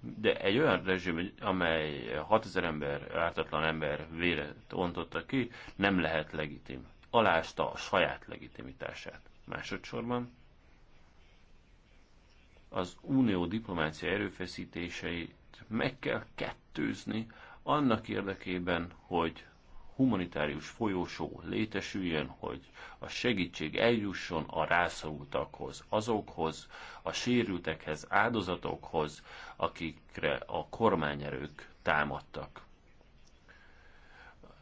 de egy olyan rezsim, amely 6000 ember, ártatlan ember véret ontotta ki, nem lehet legitim. Alásta a saját legitimitását. Másodszorban az unió diplomácia erőfeszítéseit meg kell kettőzni annak érdekében, hogy humanitárius folyósó létesüljön, hogy a segítség eljusson a rászorultakhoz, azokhoz, a sérültekhez, áldozatokhoz, akikre a kormányerők támadtak.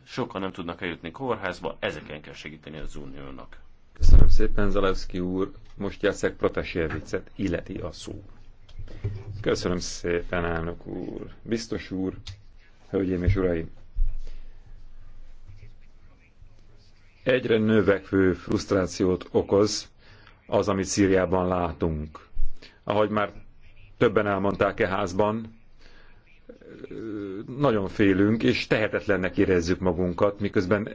Sokan nem tudnak eljutni kórházba, ezeken kell segíteni az uniónak. Köszönöm szépen, Zalewski úr. Most Jacek Protasevicet illeti a szó. Köszönöm szépen, elnök úr. Biztos úr, hölgyeim és uraim. Egyre növekvő frusztrációt okoz az, amit Szíriában látunk. Ahogy már többen elmondták e házban, nagyon félünk, és tehetetlennek érezzük magunkat, miközben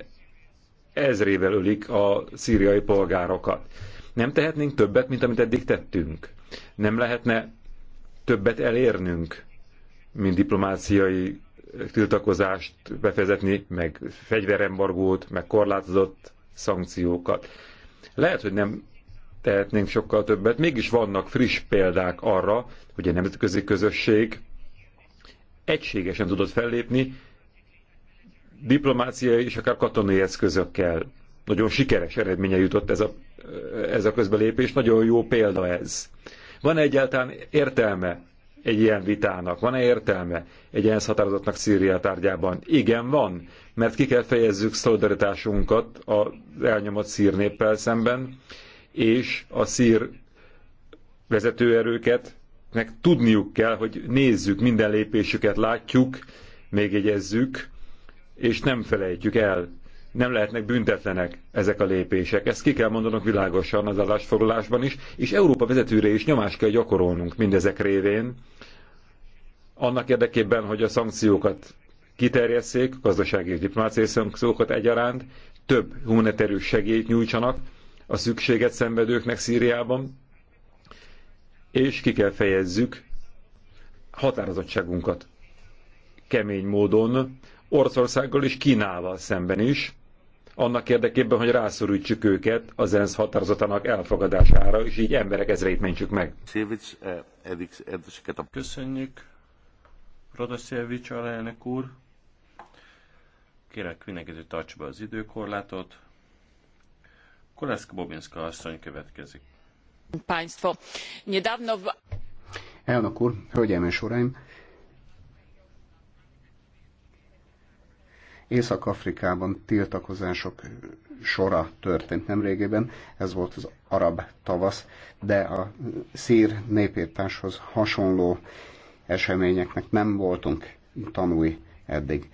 ezrével ölik a szíriai polgárokat. Nem tehetnénk többet, mint amit eddig tettünk? Nem lehetne többet elérnünk, mint diplomáciai tiltakozást befezetni, meg fegyverembargót, meg korlátozott szankciókat. Lehet, hogy nem tehetnénk sokkal többet, mégis vannak friss példák arra, hogy a nemzetközi közösség egységesen tudott fellépni, diplomáciai és akár katonai eszközökkel. Nagyon sikeres eredménye jutott ez a, ez a közbelépés, nagyon jó példa ez. Van -e egyáltalán értelme egy ilyen vitának? Van-e értelme egy ENSZ határozatnak Szíria tárgyában? Igen, van, mert ki kell fejezzük szolidaritásunkat az elnyomott szír néppel szemben, és a szír vezetőerőket meg tudniuk kell, hogy nézzük minden lépésüket, látjuk, megjegyezzük, és nem felejtjük el, nem lehetnek büntetlenek ezek a lépések. Ezt ki kell mondanunk világosan az állásfoglalásban is, és Európa vezetőre is nyomást kell gyakorolnunk mindezek révén, annak érdekében, hogy a szankciókat kiterjesszék, gazdasági és diplomáciai szankciókat egyaránt, több humanitárius segélyt nyújtsanak a szükséget szenvedőknek Szíriában, és ki kell fejezzük határozottságunkat kemény módon Oroszországgal és Kínával szemben is, annak érdekében, hogy rászorítsuk őket az ENSZ határozatának elfogadására, és így emberek ezreit mentsük meg. Eh, Köszönjük, Radoszévics alelnök úr. Kérek mindenkit, tartsa be az időkorlátot. Koleszka Bobinska asszony következik. Państwo, niedawno... Elnök úr, hölgyeim és uraim, Észak-Afrikában tiltakozások sora történt nemrégében, ez volt az arab tavasz, de a szír népírtáshoz hasonló eseményeknek nem voltunk tanúi eddig.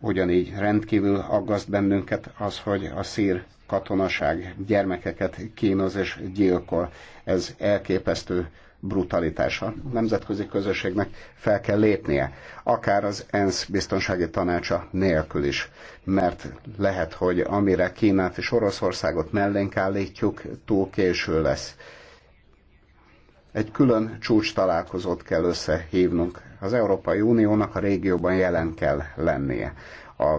Ugyanígy rendkívül aggaszt bennünket az, hogy a szír katonaság gyermekeket kínoz és gyilkol. Ez elképesztő brutalitása. A nemzetközi közösségnek fel kell lépnie, akár az ENSZ biztonsági tanácsa nélkül is, mert lehet, hogy amire Kínát és Oroszországot mellénk állítjuk, túl késő lesz. Egy külön csúcs találkozót kell összehívnunk. Az Európai Uniónak a régióban jelen kell lennie. A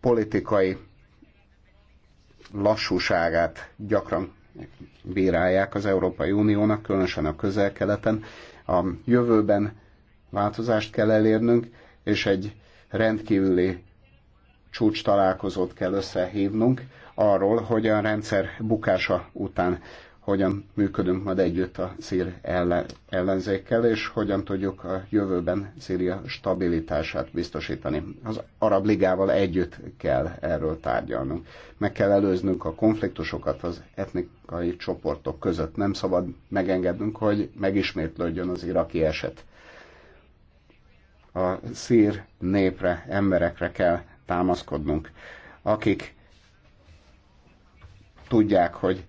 politikai lassúságát gyakran bírálják az Európai Uniónak, különösen a közel-keleten. A jövőben változást kell elérnünk, és egy rendkívüli csúcs találkozót kell összehívnunk arról, hogy a rendszer bukása után hogyan működünk majd együtt a szír ellen, ellenzékkel, és hogyan tudjuk a jövőben Szíria stabilitását biztosítani. Az Arab Ligával együtt kell erről tárgyalnunk. Meg kell előznünk a konfliktusokat az etnikai csoportok között. Nem szabad megengednünk, hogy megismétlődjön az iraki eset. A szír népre, emberekre kell támaszkodnunk, akik tudják, hogy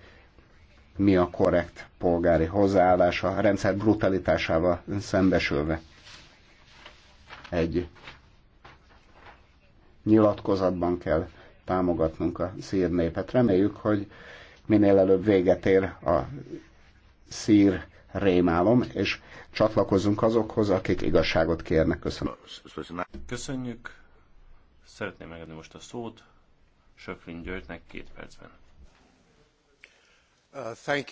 mi a korrekt polgári hozzáállás a rendszer brutalitásával szembesülve. Egy nyilatkozatban kell támogatnunk a szír népet. Reméljük, hogy minél előbb véget ér a szír rémálom, és csatlakozzunk azokhoz, akik igazságot kérnek. Köszönöm. Köszönjük. Szeretném megadni most a szót Söfrin Györgynek két percben. Uh, uh,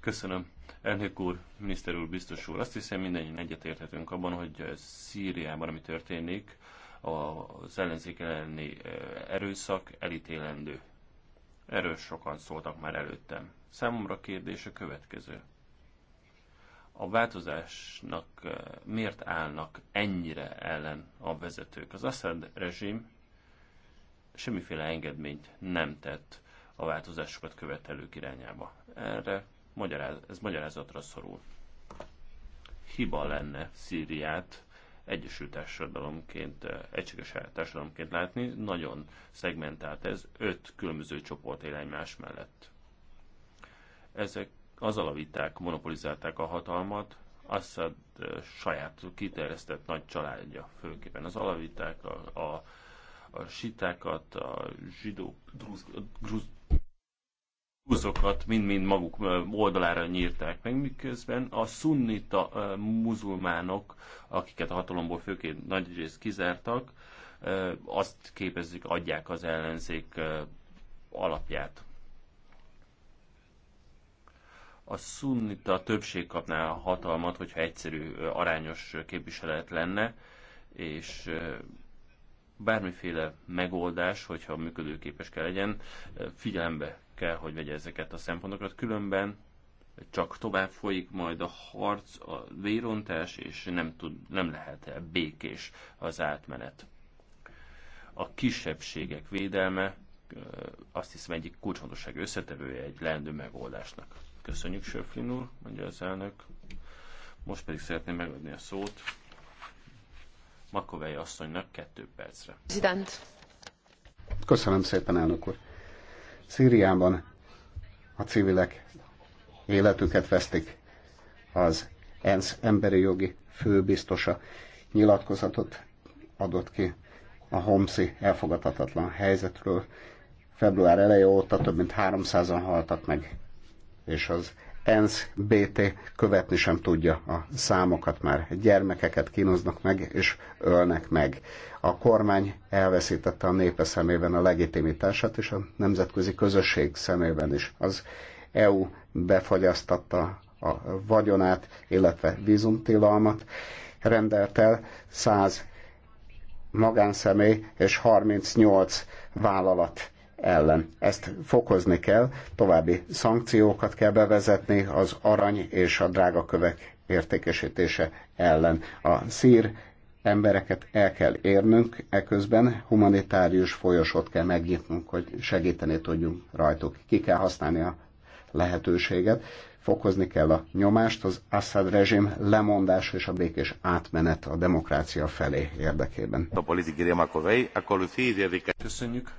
Köszönöm. Elnök úr, miniszter úr, biztos úr, azt hiszem mindannyian egyetérthetünk abban, hogy uh, Szíriában, ami történik, az ellenzék elleni erőszak elítélendő. Erről sokan szóltak már előttem. Számomra a kérdés a következő. A változásnak miért állnak ennyire ellen a vezetők? Az Assad rezsim semmiféle engedményt nem tett a változásokat követelők irányába. Erre magyaráz, ez magyarázatra szorul. Hiba lenne Szíriát egyesült társadalomként, eh, egységes társadalomként látni, nagyon szegmentált ez, öt különböző csoport él egymás mellett. Ezek az alaviták, monopolizálták a hatalmat, Assad eh, saját kiterjesztett nagy családja, főképpen az alaviták, a, a a sitákat, a zsidók, grúz, grúzokat mind-mind maguk oldalára nyírták meg, miközben a szunnita muzulmánok, akiket a hatalomból főként nagy részt kizártak, azt képezik, adják az ellenzék alapját. A szunnita többség kapná a hatalmat, hogyha egyszerű, arányos képviselet lenne, és bármiféle megoldás, hogyha működőképes kell legyen, figyelembe kell, hogy vegye ezeket a szempontokat, különben csak tovább folyik majd a harc, a vérontás, és nem, tud, nem lehet -e békés az átmenet. A kisebbségek védelme azt hiszem egyik kulcsfontosság összetevője egy leendő megoldásnak. Köszönjük, Söflin úr, mondja az elnök. Most pedig szeretném megadni a szót Makovei asszonynak kettő percre. Zident. Köszönöm szépen, elnök úr. Szíriában a civilek életüket vesztik. Az ENSZ emberi jogi főbiztosa nyilatkozatot adott ki a Homszi elfogadhatatlan helyzetről. Február eleje óta több mint 300-an haltak meg, és az ENSZ BT követni sem tudja a számokat már. Gyermekeket kínoznak meg és ölnek meg. A kormány elveszítette a népe szemében a legitimitását, és a nemzetközi közösség szemében is. Az EU befagyasztatta a vagyonát, illetve vízumtilalmat rendelt el 100 magánszemély és 38 vállalat ellen. Ezt fokozni kell, további szankciókat kell bevezetni az arany és a drágakövek értékesítése ellen. A szír embereket el kell érnünk, eközben humanitárius folyosót kell megnyitnunk, hogy segíteni tudjunk rajtuk. Ki kell használni a lehetőséget, fokozni kell a nyomást, az Assad rezsim lemondás és a békés átmenet a demokrácia felé érdekében. Köszönjük.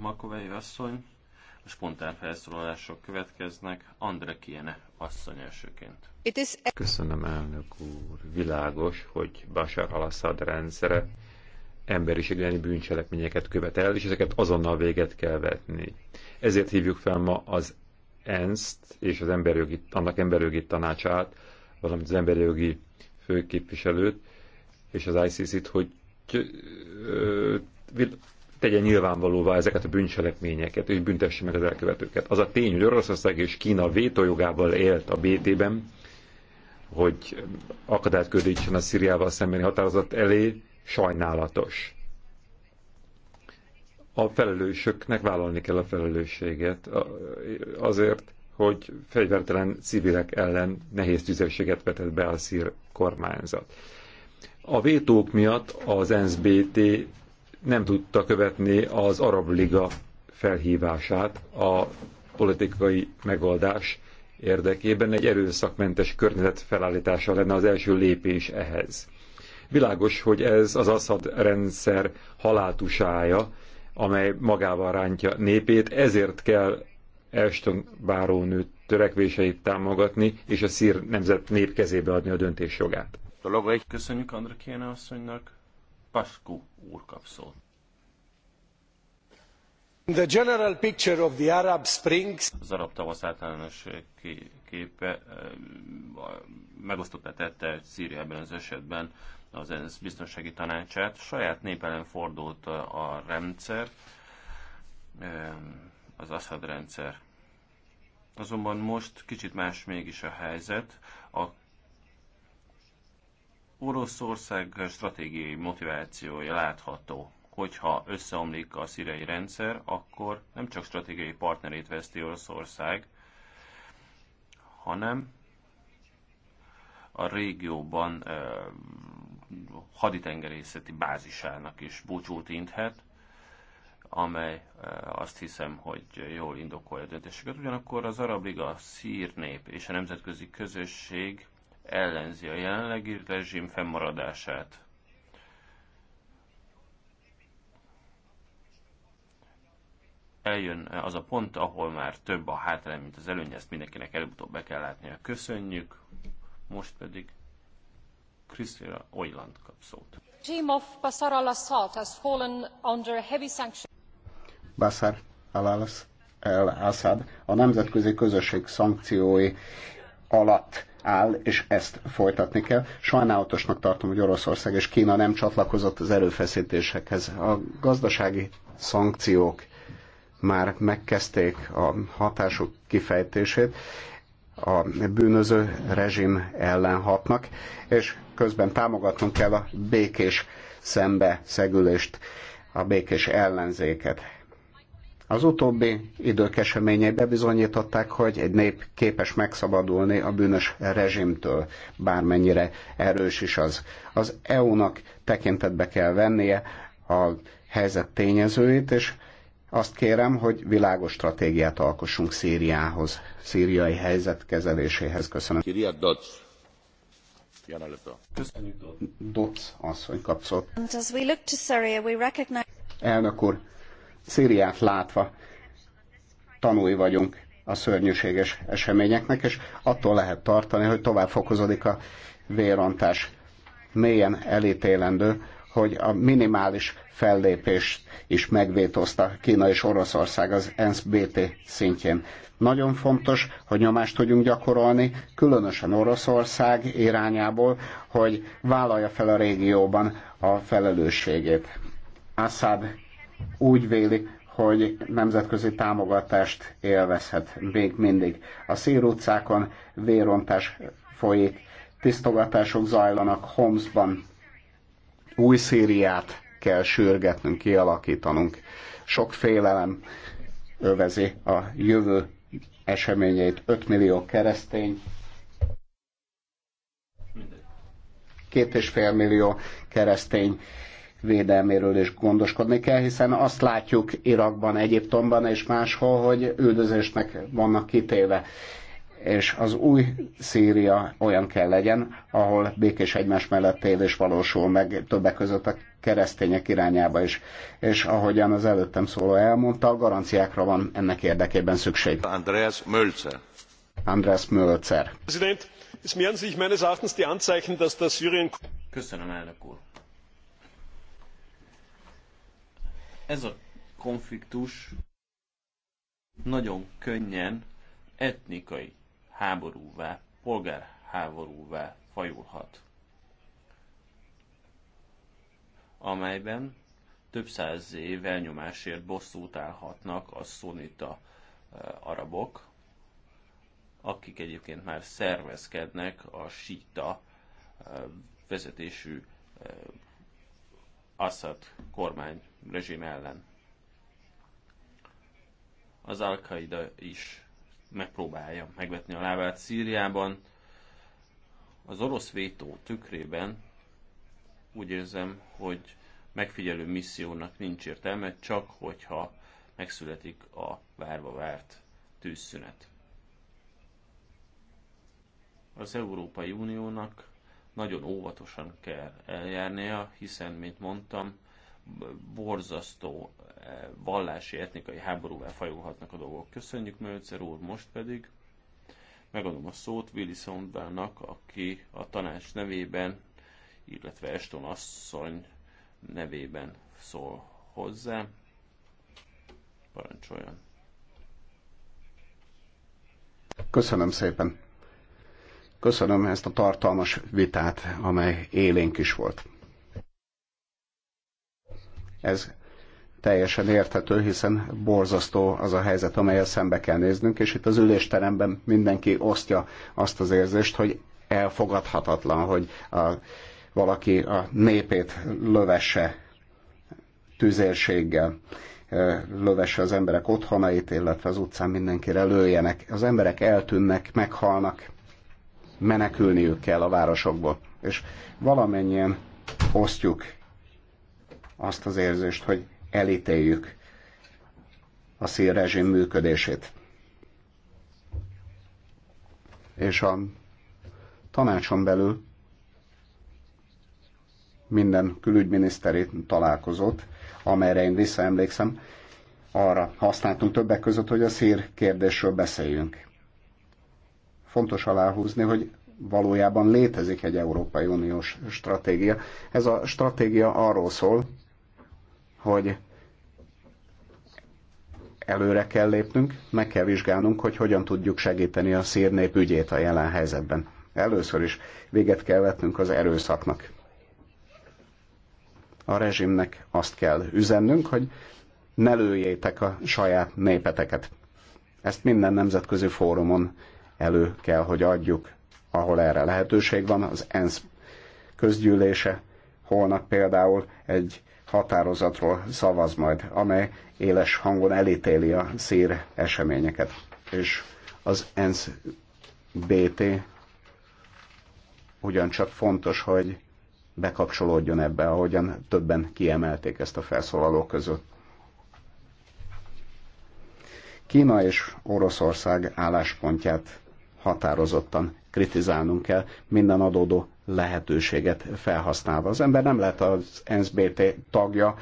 Makovei asszony. A spontán felszólalások következnek. Andre Kiene asszony elsőként. Is... Köszönöm, elnök úr. Világos, hogy Bashar al-Assad rendszere emberiségleni bűncselekményeket követel, és ezeket azonnal véget kell vetni. Ezért hívjuk fel ma az ENSZ-t és az emberjogi, annak emberjogi tanácsát, valamint az emberjogi főképviselőt és az ICC-t, hogy tegye nyilvánvalóvá ezeket a bűncselekményeket, és büntesse meg az elkövetőket. Az a tény, hogy Oroszország és Kína vétójogával élt a BT-ben, hogy akadályt ködítsen a Szíriával szembeni határozat elé, sajnálatos. A felelősöknek vállalni kell a felelősséget azért, hogy fegyvertelen civilek ellen nehéz tüzességet vetett be a szír kormányzat. A vétók miatt az NSBT nem tudta követni az Arab Liga felhívását a politikai megoldás érdekében. Egy erőszakmentes környezet felállítása lenne az első lépés ehhez. Világos, hogy ez az Assad rendszer haláltusája, amely magával rántja népét, ezért kell Ashton bárónő törekvéseit támogatni, és a szír nemzet nép kezébe adni a döntés jogát. Köszönjük Andrakéne asszonynak. Pascu úr kap szót. The general picture of the Arab Springs. Az arab tavasz általános képe eh, megosztottá tette Szíriában az esetben az ENSZ biztonsági tanácsát. Saját népelen fordult a rendszer, eh, az Assad rendszer. Azonban most kicsit más mégis a helyzet. Oroszország stratégiai motivációja látható. Hogyha összeomlik a szíriai rendszer, akkor nem csak stratégiai partnerét veszti Oroszország, hanem a régióban eh, haditengerészeti bázisának is búcsút inthet, amely eh, azt hiszem, hogy jól indokolja a döntéseket. Ugyanakkor az Arab Liga, a szír nép és a nemzetközi közösség ellenzi a jelenlegi rezsim fennmaradását. Eljön az a pont, ahol már több a hátrány, mint az előnye, ezt mindenkinek előbb-utóbb be kell látnia. Köszönjük, most pedig Krisztina Oiland kap szót. Regime of Bashar al-Assad has fallen under heavy sanctions. Bashar al-Assad a nemzetközi közösség szankciói alatt áll, és ezt folytatni kell. Sajnálatosnak tartom, hogy Oroszország és Kína nem csatlakozott az erőfeszítésekhez. A gazdasági szankciók már megkezdték a hatásuk kifejtését, a bűnöző rezsim ellen hatnak, és közben támogatnunk kell a békés szembe szegülést, a békés ellenzéket. Az utóbbi idők eseményei bebizonyították, hogy egy nép képes megszabadulni a bűnös rezsimtől, bármennyire erős is az. Az EU-nak tekintetbe kell vennie a helyzet tényezőit, és azt kérem, hogy világos stratégiát alkossunk Szíriához, szíriai helyzet kezeléséhez. Köszönöm. Kiria Dodds. Köszönjük, Dodds asszony kapszott. Elnök úr, Szíriát látva tanúi vagyunk a szörnyűséges eseményeknek, és attól lehet tartani, hogy tovább fokozódik a vérontás. Mélyen elítélendő, hogy a minimális fellépést is megvétózta Kína és Oroszország az ENSZ-BT szintjén. Nagyon fontos, hogy nyomást tudjunk gyakorolni, különösen Oroszország irányából, hogy vállalja fel a régióban a felelősségét. Assad úgy véli, hogy nemzetközi támogatást élvezhet még mindig. A Szír utcákon vérontás folyik, tisztogatások zajlanak Homszban. Új Szíriát kell sürgetnünk, kialakítanunk. Sok félelem övezi a jövő eseményeit. 5 millió keresztény, két és fél millió keresztény védelméről is gondoskodni kell, hiszen azt látjuk Irakban, Egyiptomban és máshol, hogy üldözésnek vannak kitéve. És az új Szíria olyan kell legyen, ahol békés egymás mellett és valósul meg többek között a keresztények irányába is. És ahogyan az előttem szóló elmondta, a garanciákra van ennek érdekében szükség. Andreas Mölzer. Andreas Mölzer. Köszönöm, elnök úr Ez a konfliktus nagyon könnyen etnikai háborúvá, polgárháborúvá fajulhat, amelyben több száz év elnyomásért bosszút állhatnak a szunita eh, arabok, akik egyébként már szervezkednek a síta eh, vezetésű eh, Assad kormány rezsim ellen. Az al is megpróbálja megvetni a lábát Szíriában. Az orosz vétó tükrében úgy érzem, hogy megfigyelő missziónak nincs értelme, csak hogyha megszületik a várva várt tűzszünet. Az Európai Uniónak nagyon óvatosan kell eljárnia, hiszen, mint mondtam, borzasztó eh, vallási, etnikai háborúvá fajulhatnak a dolgok. Köszönjük Mölcer úr, most pedig megadom a szót Willy Soundbának, aki a tanács nevében, illetve Eston asszony nevében szól hozzá. Parancsoljon! Köszönöm szépen! Köszönöm ezt a tartalmas vitát, amely élénk is volt. Ez teljesen érthető, hiszen borzasztó az a helyzet, amelyel szembe kell néznünk, és itt az ülésteremben mindenki osztja azt az érzést, hogy elfogadhatatlan, hogy a, valaki a népét lövesse tüzérséggel lövesse az emberek otthonait, illetve az utcán mindenkire lőjenek. Az emberek eltűnnek, meghalnak, menekülniük kell a városokból. És valamennyien osztjuk azt az érzést, hogy elítéljük a szírrezsim működését. És a tanácson belül minden külügyminiszteri találkozott, amelyre én visszaemlékszem, arra használtunk többek között, hogy a szír kérdésről beszéljünk fontos aláhúzni, hogy valójában létezik egy Európai Uniós stratégia. Ez a stratégia arról szól, hogy előre kell lépnünk, meg kell vizsgálnunk, hogy hogyan tudjuk segíteni a nép ügyét a jelen helyzetben. Először is véget kell vetnünk az erőszaknak. A rezsimnek azt kell üzennünk, hogy ne lőjétek a saját népeteket. Ezt minden nemzetközi fórumon elő kell, hogy adjuk, ahol erre lehetőség van. Az ENSZ közgyűlése holnap például egy határozatról szavaz majd, amely éles hangon elítéli a szír eseményeket. És az ENSZ BT ugyancsak fontos, hogy bekapcsolódjon ebbe, ahogyan többen kiemelték ezt a felszólalók között. Kína és Oroszország álláspontját határozottan kritizálnunk kell minden adódó lehetőséget felhasználva. Az ember nem lehet az NSBT tagja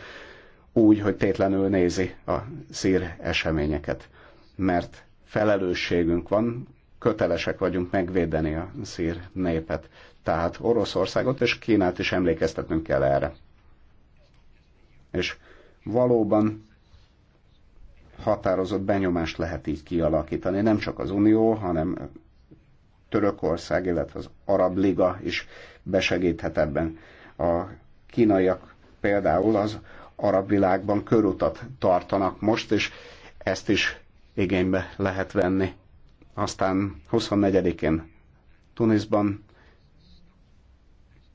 úgy, hogy tétlenül nézi a szír eseményeket, mert felelősségünk van, kötelesek vagyunk megvédeni a szír népet. Tehát Oroszországot és Kínát is emlékeztetnünk kell erre. És valóban határozott benyomást lehet így kialakítani, nem csak az Unió, hanem Törökország, illetve az Arab Liga is besegíthet ebben. A kínaiak például az arab világban körutat tartanak most, és ezt is igénybe lehet venni. Aztán 24-én Tunisban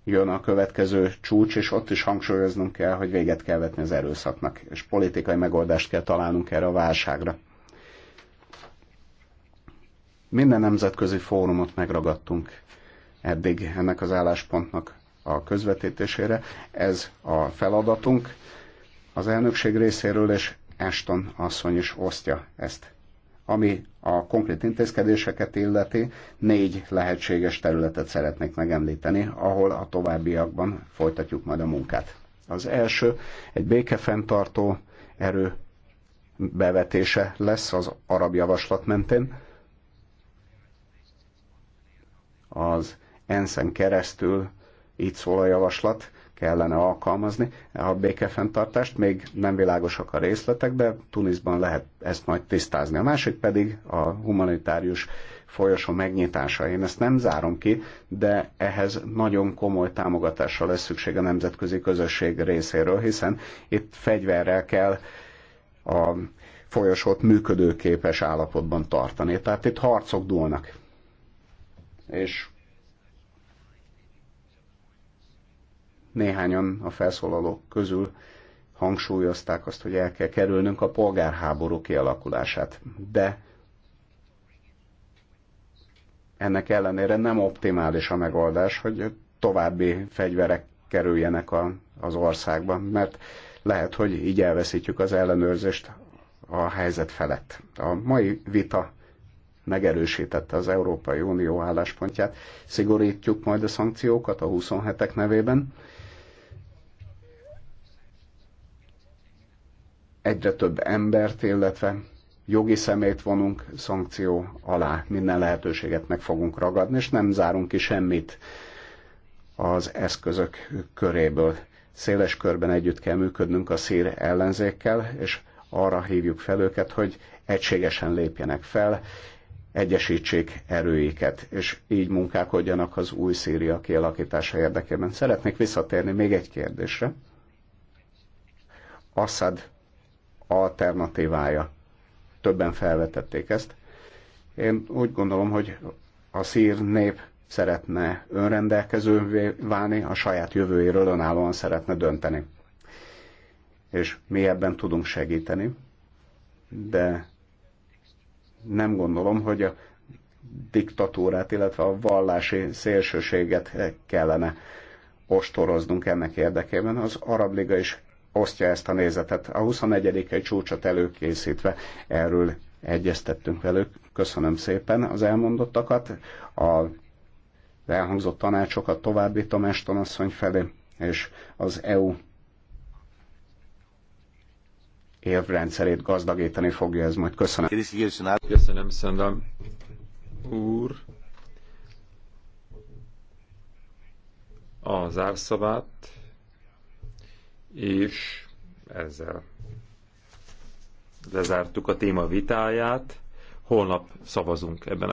jön a következő csúcs, és ott is hangsúlyoznunk kell, hogy véget kell vetni az erőszaknak, és politikai megoldást kell találnunk erre a válságra. Minden nemzetközi fórumot megragadtunk eddig ennek az álláspontnak a közvetítésére. Ez a feladatunk az elnökség részéről, és Ashton asszony is osztja ezt. Ami a konkrét intézkedéseket illeti, négy lehetséges területet szeretnék megemlíteni, ahol a továbbiakban folytatjuk majd a munkát. Az első egy békefenntartó erő bevetése lesz az arab javaslat mentén, az ENSZ-en keresztül, így szól a javaslat, kellene alkalmazni a békefenntartást. Még nem világosak a részletek, de Tunisban lehet ezt majd tisztázni. A másik pedig a humanitárius folyosó megnyitása. Én ezt nem zárom ki, de ehhez nagyon komoly támogatásra lesz szükség a nemzetközi közösség részéről, hiszen itt fegyverrel kell a folyosót működőképes állapotban tartani. Tehát itt harcok dúlnak és néhányan a felszólalók közül hangsúlyozták azt, hogy el kell kerülnünk a polgárháború kialakulását. De ennek ellenére nem optimális a megoldás, hogy további fegyverek kerüljenek a, az országba, mert lehet, hogy így elveszítjük az ellenőrzést a helyzet felett. A mai vita megerősítette az Európai Unió álláspontját. Szigorítjuk majd a szankciókat a 27-ek nevében. Egyre több embert, illetve jogi szemét vonunk szankció alá, minden lehetőséget meg fogunk ragadni, és nem zárunk ki semmit az eszközök köréből. Széles körben együtt kell működnünk a szír ellenzékkel, és arra hívjuk fel őket, hogy egységesen lépjenek fel, egyesítsék erőiket, és így munkálkodjanak az új Szíria kialakítása érdekében. Szeretnék visszatérni még egy kérdésre. Assad alternatívája. Többen felvetették ezt. Én úgy gondolom, hogy a szír nép szeretne önrendelkezővé válni, a saját jövőjéről önállóan szeretne dönteni. És mi ebben tudunk segíteni, de nem gondolom, hogy a diktatúrát, illetve a vallási szélsőséget kellene ostoroznunk ennek érdekében. Az Arab Liga is osztja ezt a nézetet. A 21. csúcsot előkészítve erről egyeztettünk velük. Köszönöm szépen az elmondottakat, a elhangzott tanácsokat továbbítom Eston asszony felé, és az EU évrendszerét gazdagítani fogja ez majd. Köszönöm. Köszönöm, Szendam úr. A zárszavát, és ezzel lezártuk a téma vitáját. Holnap szavazunk ebben